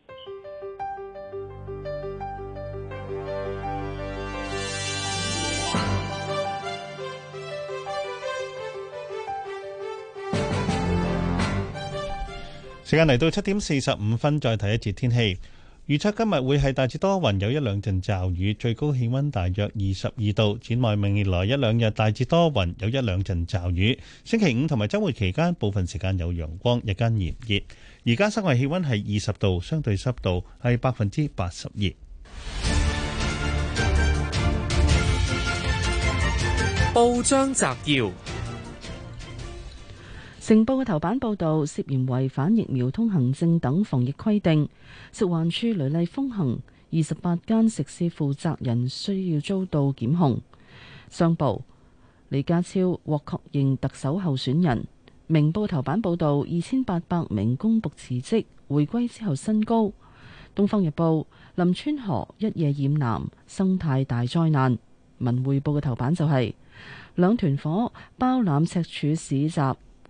時間嚟到七點四十五分，再睇一節天氣預測。今日會係大致多雲，有一兩陣驟雨，最高氣温大約二十二度。展望未來一兩日大致多雲，有一兩陣驟雨。星期五同埋周末期間，部分時間有陽光，日間炎熱。而家室外氣温係二十度，相對濕度係百分之八十二。報章摘要。成報嘅頭版報道涉嫌違反疫苗通行證等防疫規定，食環署雷厲風行，二十八間食肆負責人需要遭到檢控。商報李家超獲確認特首候選人。明報頭版報道二千八百名公僕辭職，回歸之後新高。東方日報林川河一夜染藍，生態大災難。文匯報嘅頭版就係、是、兩團火包攬赤柱市集。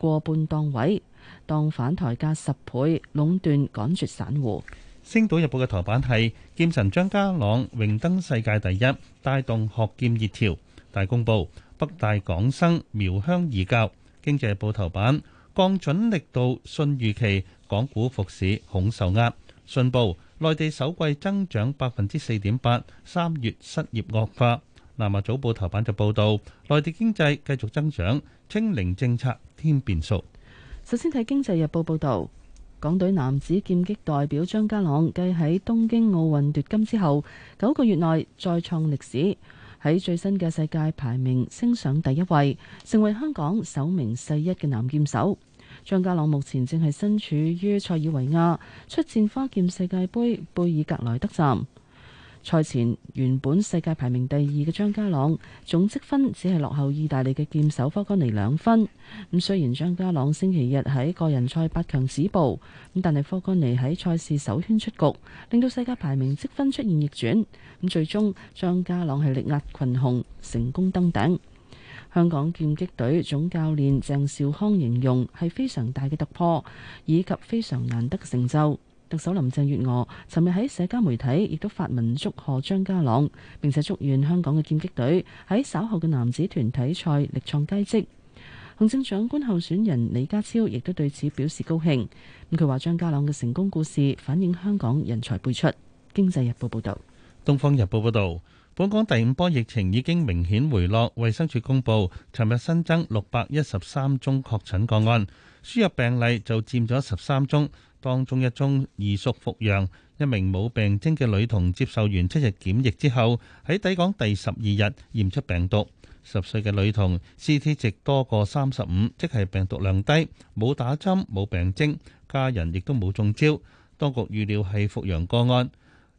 過半檔位，當反抬價十倍，壟斷趕絕散戶。星島日報嘅頭版係劍神張家朗榮登世界第一，帶動學劍熱潮。大公報北大港生苗香移教。經濟報頭版降準力度遜預期，港股復市恐受壓。信報內地首季增長百分之四點八，三月失業惡化。南華早報頭版就報導內地經濟繼續增長。清零政策添變數。首先睇《經濟日報》報導，港隊男子劍擊代表張家朗繼喺東京奧運奪金之後，九個月內再創歷史，喺最新嘅世界排名升上第一位，成為香港首名世一嘅男劍手。張家朗目前正係身處於塞爾維亞，出戰花劍世界盃貝爾格萊德站。賽前原本世界排名第二嘅張家朗，總積分只係落後意大利嘅劍手科干尼兩分。咁雖然張家朗星期日喺個人賽八強止步，咁但係科干尼喺賽事首圈出局，令到世界排名積分出現逆轉。咁最終張家朗係力壓群雄，成功登頂。香港劍擊隊總教練鄭少康形容係非常大嘅突破，以及非常難得嘅成就。特首林鄭月娥尋日喺社交媒體亦都發文祝賀張家朗，並且祝願香港嘅劍擊隊喺稍後嘅男子團體賽力創佳績。行政長官候選人李家超亦都對此表示高興。咁佢話張家朗嘅成功故事反映香港人才輩出。經濟日報報道，東方日報報道，本港第五波疫情已經明顯回落。衛生署公布，尋日新增六百一十三宗確診個案，輸入病例就佔咗十三宗。當中一宗疑似復陽，一名冇病徵嘅女童接受完七日檢疫之後，喺抵港第十二日驗出病毒。十歲嘅女童 CT 值多過三十五，即係病毒量低，冇打針，冇病徵，家人亦都冇中招。當局預料係復陽個案。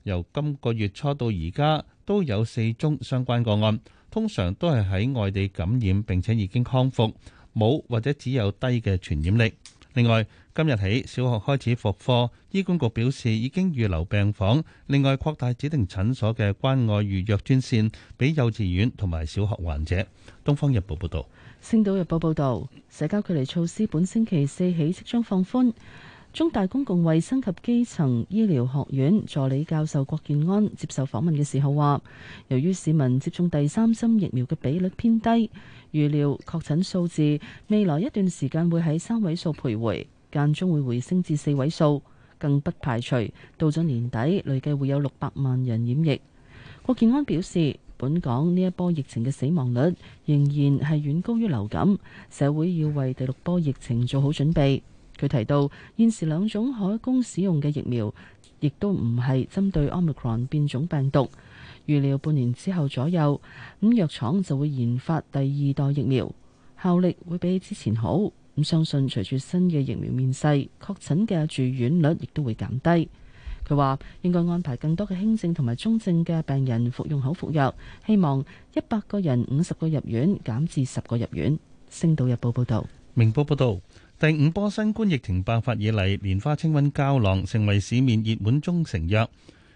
由今個月初到而家都有四宗相關個案，通常都係喺外地感染並且已經康復，冇或者只有低嘅傳染力。另外，今日起，小學開始復課。醫管局表示已經預留病房，另外擴大指定診所嘅關愛預約專線，俾幼稚園同埋小學患者。《東方日報》報道，《星島日報》報道，社交距離措施本星期四起即將放寬。中大公共衛生及基層醫療學院助理教授郭建安接受訪問嘅時候話，由於市民接種第三針疫苗嘅比率偏低，預料確診數字未來一段時間會喺三位數徘徊。間將會回升至四位數，更不排除到咗年底累計會有六百萬人染疫。郭建安表示，本港呢一波疫情嘅死亡率仍然係遠高於流感，社會要為第六波疫情做好準備。佢提到，現時兩種可供使用嘅疫苗，亦都唔係針對 Omicron 變種病毒。預料半年之後左右，咁藥廠就會研發第二代疫苗，效力會比之前好。相信隨住新嘅疫苗面世，確診嘅住院率亦都會減低。佢話應該安排更多嘅輕症同埋中症嘅病人服用口服藥，希望一百個人五十個入院減至十個入院。星島日報報道，明報報道，第五波新冠疫情爆發以嚟，蓮花清瘟膠囊成為市面熱門中成藥。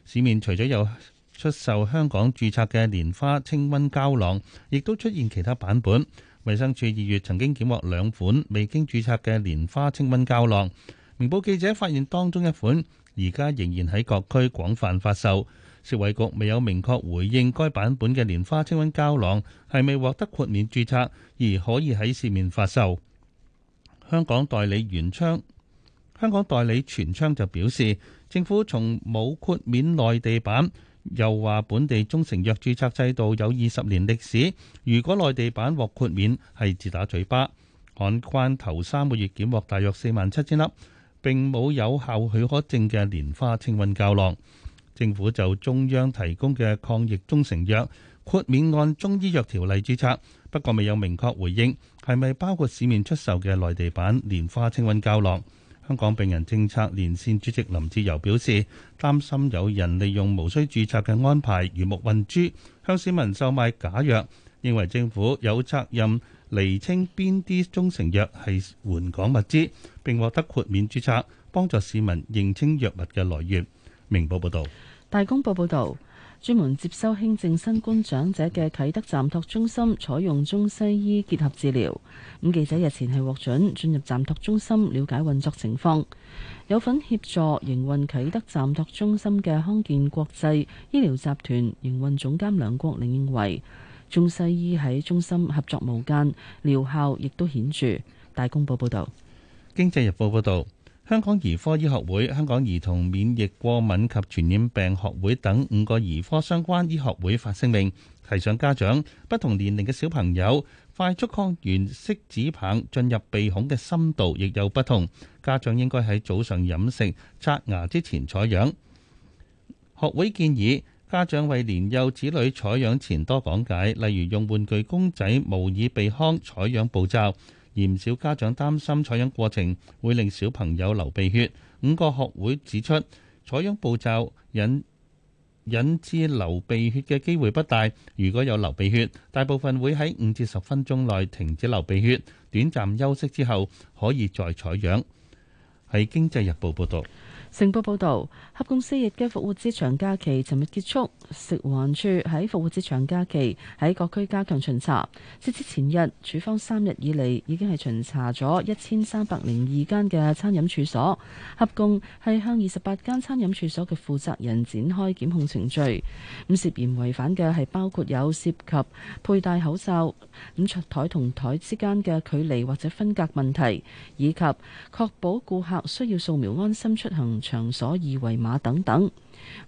市面除咗有出售香港注冊嘅蓮花清瘟膠囊，亦都出現其他版本。衛生署二月曾經檢獲兩款未經註冊嘅蓮花清瘟膠囊，明報記者發現當中一款而家仍然喺各區廣泛發售。食衞局未有明確回應該版本嘅蓮花清瘟膠囊係未獲得豁免註冊而可以喺市面發售。香港代理全昌，香港代理全昌就表示，政府從冇豁免內地版。又話本地中成藥註冊制度有二十年歷史，如果內地版獲豁免係自打嘴巴。海關頭三個月檢獲大約四萬七千粒並冇有效許可證嘅連花清瘟膠囊，政府就中央提供嘅抗疫中成藥豁免按中醫藥條例註冊，不過未有明確回應係咪包括市面出售嘅內地版連花清瘟膠囊。香港病人政策連線主席林志游表示，擔心有人利用無需註冊嘅安排魚目混珠，向市民售賣假藥，認為政府有責任釐清邊啲中成藥係援港物資並獲得豁免註冊，幫助市民認清藥物嘅來源。明報報道。大公報報導。專門接收輕症新冠長者嘅啟德暫託中心採用中西醫結合治療。咁記者日前係獲准進入暫託中心了解運作情況。有份協助營運啟德暫託中心嘅康健國際醫療集團營運總監梁國寧認為，中西醫喺中心合作無間，療效亦都顯著。大公報報道。《經濟日報》報道。香港兒科醫學會、香港兒童免疫過敏及傳染病學會等五個兒科相關醫學會發聲明，提醒家長，不同年齡嘅小朋友快速抗原拭子棒進入鼻孔嘅深度亦有不同。家長應該喺早上飲食、刷牙之前採樣。學會建議家長為年幼子女採樣前多講解，例如用玩具公仔模擬鼻腔採樣步驟。唔少家長擔心採樣過程會令小朋友流鼻血，五個學會指出採樣步驟引引致流鼻血嘅機會不大。如果有流鼻血，大部分會喺五至十分鐘內停止流鼻血，短暫休息之後可以再採樣。係《經濟日報》報導。成報報導，合共四日嘅復活節長假期尋日結束。食環署喺復活節長假期喺各區加強巡查。截至前日，署方三日以嚟已經係巡查咗一千三百零二間嘅餐飲處所，合共係向二十八間餐飲處所嘅負責人展開檢控程序。咁涉嫌違反嘅係包括有涉及佩戴口罩、咁桌台同台之間嘅距離或者分隔問題，以及確保顧客需要掃描安心出行。場所二維碼等等，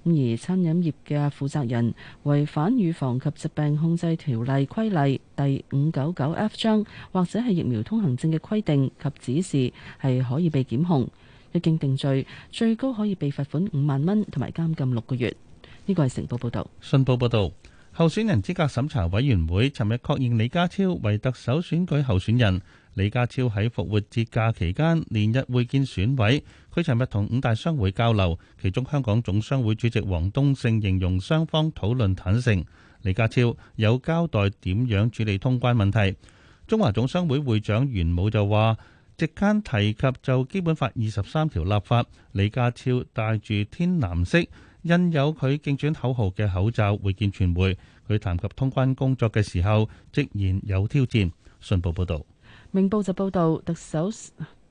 咁而餐飲業嘅負責人違反預防及疾病控制條例規例第五九九 F 章，或者係疫苗通行證嘅規定及指示，係可以被檢控，一經定罪，最高可以被罰款五萬蚊，同埋監禁六個月。呢個係成報報道，信報報道，候選人資格審查委員會尋日確認李家超為特首選舉候選人。李家超喺復活節假期間連日會見選委。佢尋日同五大商會交流，其中香港總商會主席王冬勝形容雙方討論坦誠，李家超有交代點樣處理通關問題。中華總商會會長袁武就話，席間提及就《基本法》二十三條立法，李家超戴住天藍色印有佢競選口號嘅口罩會見傳媒，佢談及通關工作嘅時候，直言有挑戰。信報報道，明報就報道特首。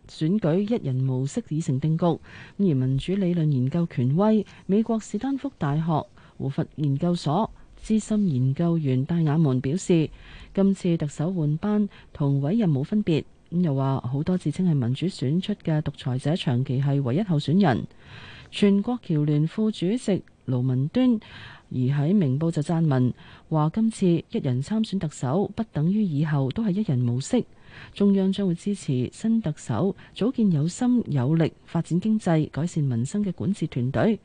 選舉一人模式已成定局，而民主理論研究權威美國史丹福大學胡佛研究所資深研究員戴雅門表示，今次特首換班同委任冇分別。咁又話好多自稱係民主選出嘅獨裁者長期係唯一候選人。全國僑聯副主席盧文端而喺明報就撰文話，今次一人參選特首不等於以後都係一人模式。中央將會支持新特首組建有心有力發展經濟、改善民生嘅管治團隊。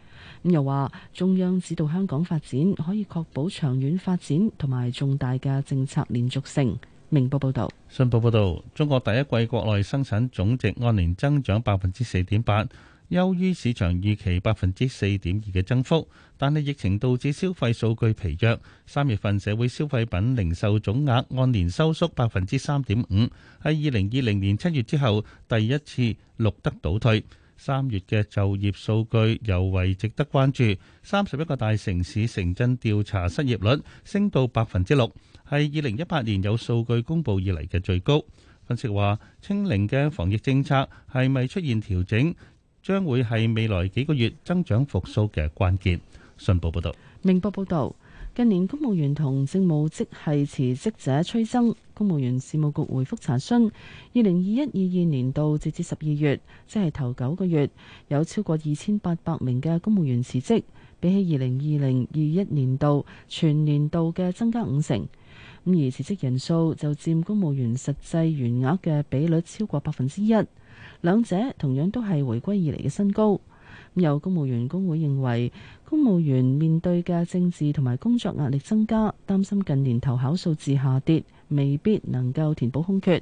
咁又話中央指導香港發展，可以確保長遠發展同埋重大嘅政策連續性。明報報道：信報報道，中國第一季國內生產總值按年增長百分之四點八。優於市場預期百分之四點二嘅增幅，但係疫情導致消費數據疲弱。三月份社會消費品零售總額按年收縮百分之三點五，係二零二零年七月之後第一次錄得倒退。三月嘅就業數據尤為值得關注，三十一個大城市城鎮調查失業率升到百分之六，係二零一八年有數據公佈以嚟嘅最高。分析話，清零嘅防疫政策係咪出現調整，將會係未來幾個月增長復蘇嘅關鍵。信報報道，明報報道，近年公務員同政務職系辭職者趨增。公務員事務局回覆查詢，二零二一二二年度截至十二月，即係頭九個月，有超過二千八百名嘅公務員辭職，比起二零二零二一年度全年度嘅，增加五成。咁而辭職人數就佔公務員實際員額嘅比率超過百分之一。兩者同樣都係回歸以嚟嘅新高。有公務員工會認為，公務員面對嘅政治同埋工作壓力增加，擔心近年投考數字下跌，未必能夠填補空缺。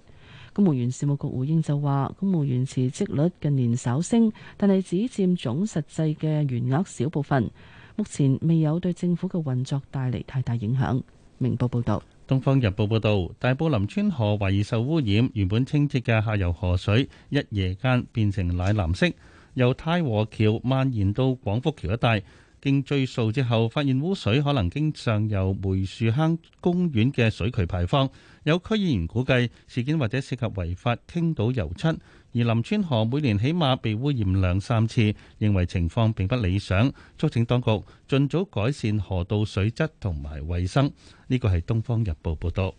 公務員事務局回應就話，公務員辭職率近年稍升，但係只佔總實際嘅員額小部分，目前未有對政府嘅運作帶嚟太大影響。明報報道。《東方日報》報導，大埔林村河懷疑受污染，原本清澈嘅下游河水一夜間變成奶藍色，由太和橋蔓延到廣福橋一帶。經追溯之後，發現污水可能經上游梅樹坑公園嘅水渠排放。有區議員估計，事件或者涉及違法傾倒油漆。而林村河每年起碼被污染兩三次，認為情況並不理想，促請當局盡早改善河道水質同埋衛生。呢個係東方日報報道。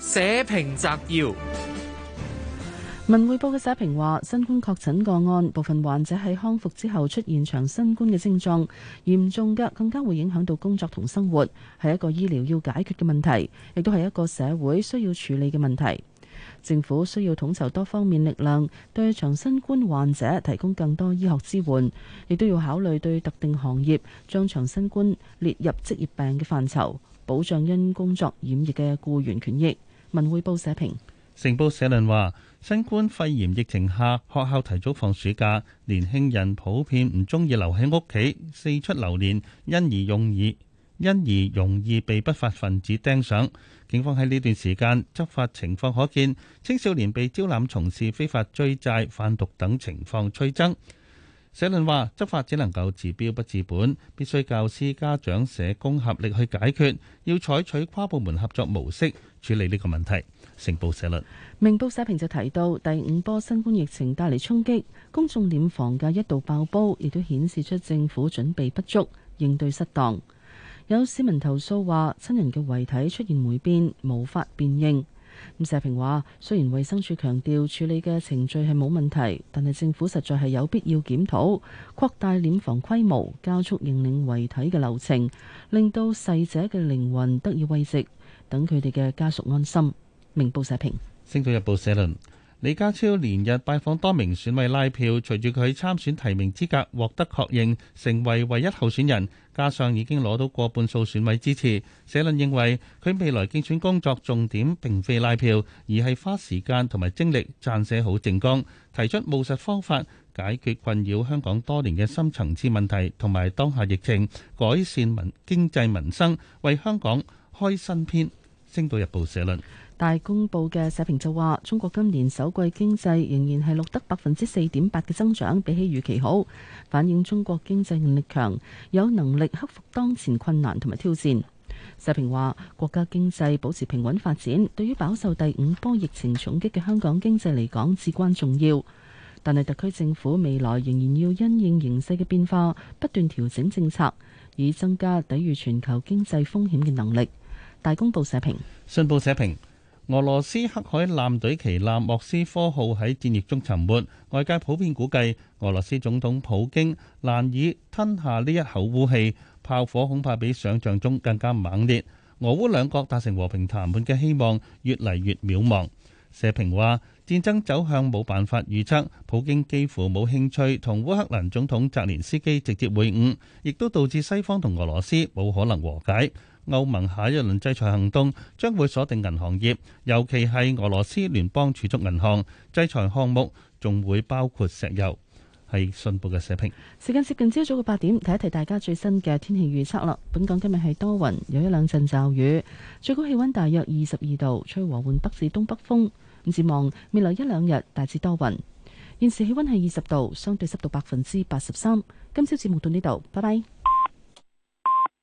社評摘要。文匯報嘅社評話，新冠確診個案部分患者喺康復之後出現長新冠嘅症狀，嚴重嘅更加會影響到工作同生活，係一個醫療要解決嘅問題，亦都係一個社會需要處理嘅問題。政府需要統籌多方面力量，對長新冠患者提供更多醫學支援，亦都要考慮對特定行業將長新冠列入職業病嘅範疇，保障因工作染疫嘅雇員權益。文匯報社評，成報社論話。新冠肺炎疫情下，學校提早放暑假，年輕人普遍唔中意留喺屋企，四出流連，因而容易因而容易被不法分子盯上。警方喺呢段時間執法情況，可見青少年被招攬從事非法追債、販毒等情況趨增。社論話，執法只能夠治標不治本，必須教師、家長、社工合力去解決。要採取跨部門合作模式處理呢個問題。成報社論，明報社評就提到，第五波新冠疫情帶嚟衝擊，公眾殮房嘅一度爆煲，亦都顯示出政府準備不足、應對失當。有市民投訴話，親人嘅遺體出現霉變，無法辨認。咁社評話，雖然衛生署強調處理嘅程序係冇問題，但係政府實在係有必要檢討擴大殮房規模，加速認領遺體嘅流程，令到逝者嘅靈魂得以慰藉，等佢哋嘅家屬安心。明報社評。星島日報社論，李家超連日拜訪多名選委拉票，隨住佢參選提名資格獲得確認，成為唯一候選人，加上已經攞到過半數選委支持，社論認為佢未來競選工作重點並非拉票，而係花時間同埋精力撰寫好政綱，提出務實方法解決困擾香港多年嘅深層次問題，同埋當下疫情，改善民經濟民生，為香港開新篇。星島日報社論。大公報嘅社評就話，中國今年首季經濟仍然係錄得百分之四點八嘅增長，比起預期好，反映中國經濟能力強，有能力克服當前困難同埋挑戰。社評話，國家經濟保持平穩發展，對於飽受第五波疫情重擊嘅香港經濟嚟講至關重要。但係特區政府未來仍然要因應形勢嘅變化，不斷調整政策，以增加抵禦全球經濟風險嘅能力。大公報社評，信報社評。俄羅斯黑海艦隊旗艦莫斯科號喺戰役中沉沒，外界普遍估計俄羅斯總統普京難以吞下呢一口污氣，炮火恐怕比想象中更加猛烈。俄烏兩國達成和平談判嘅希望越嚟越渺茫。社評話：戰爭走向冇辦法預測，普京幾乎冇興趣同烏克蘭總統澤連斯基直接會晤，亦都導致西方同俄羅斯冇可能和解。歐盟下一輪制裁行動將會鎖定銀行業，尤其係俄羅斯聯邦儲蓄銀行。制裁項目仲會包括石油。係信報嘅社評。時間接近朝早嘅八點，提一提大家最新嘅天氣預測啦。本港今日係多雲，有一兩陣驟雨，最高氣温大約二十二度，吹和緩北至東北風。咁展望未來一兩日大致多雲。現時氣温係二十度，相對濕度百分之八十三。今朝節目到呢度，拜拜。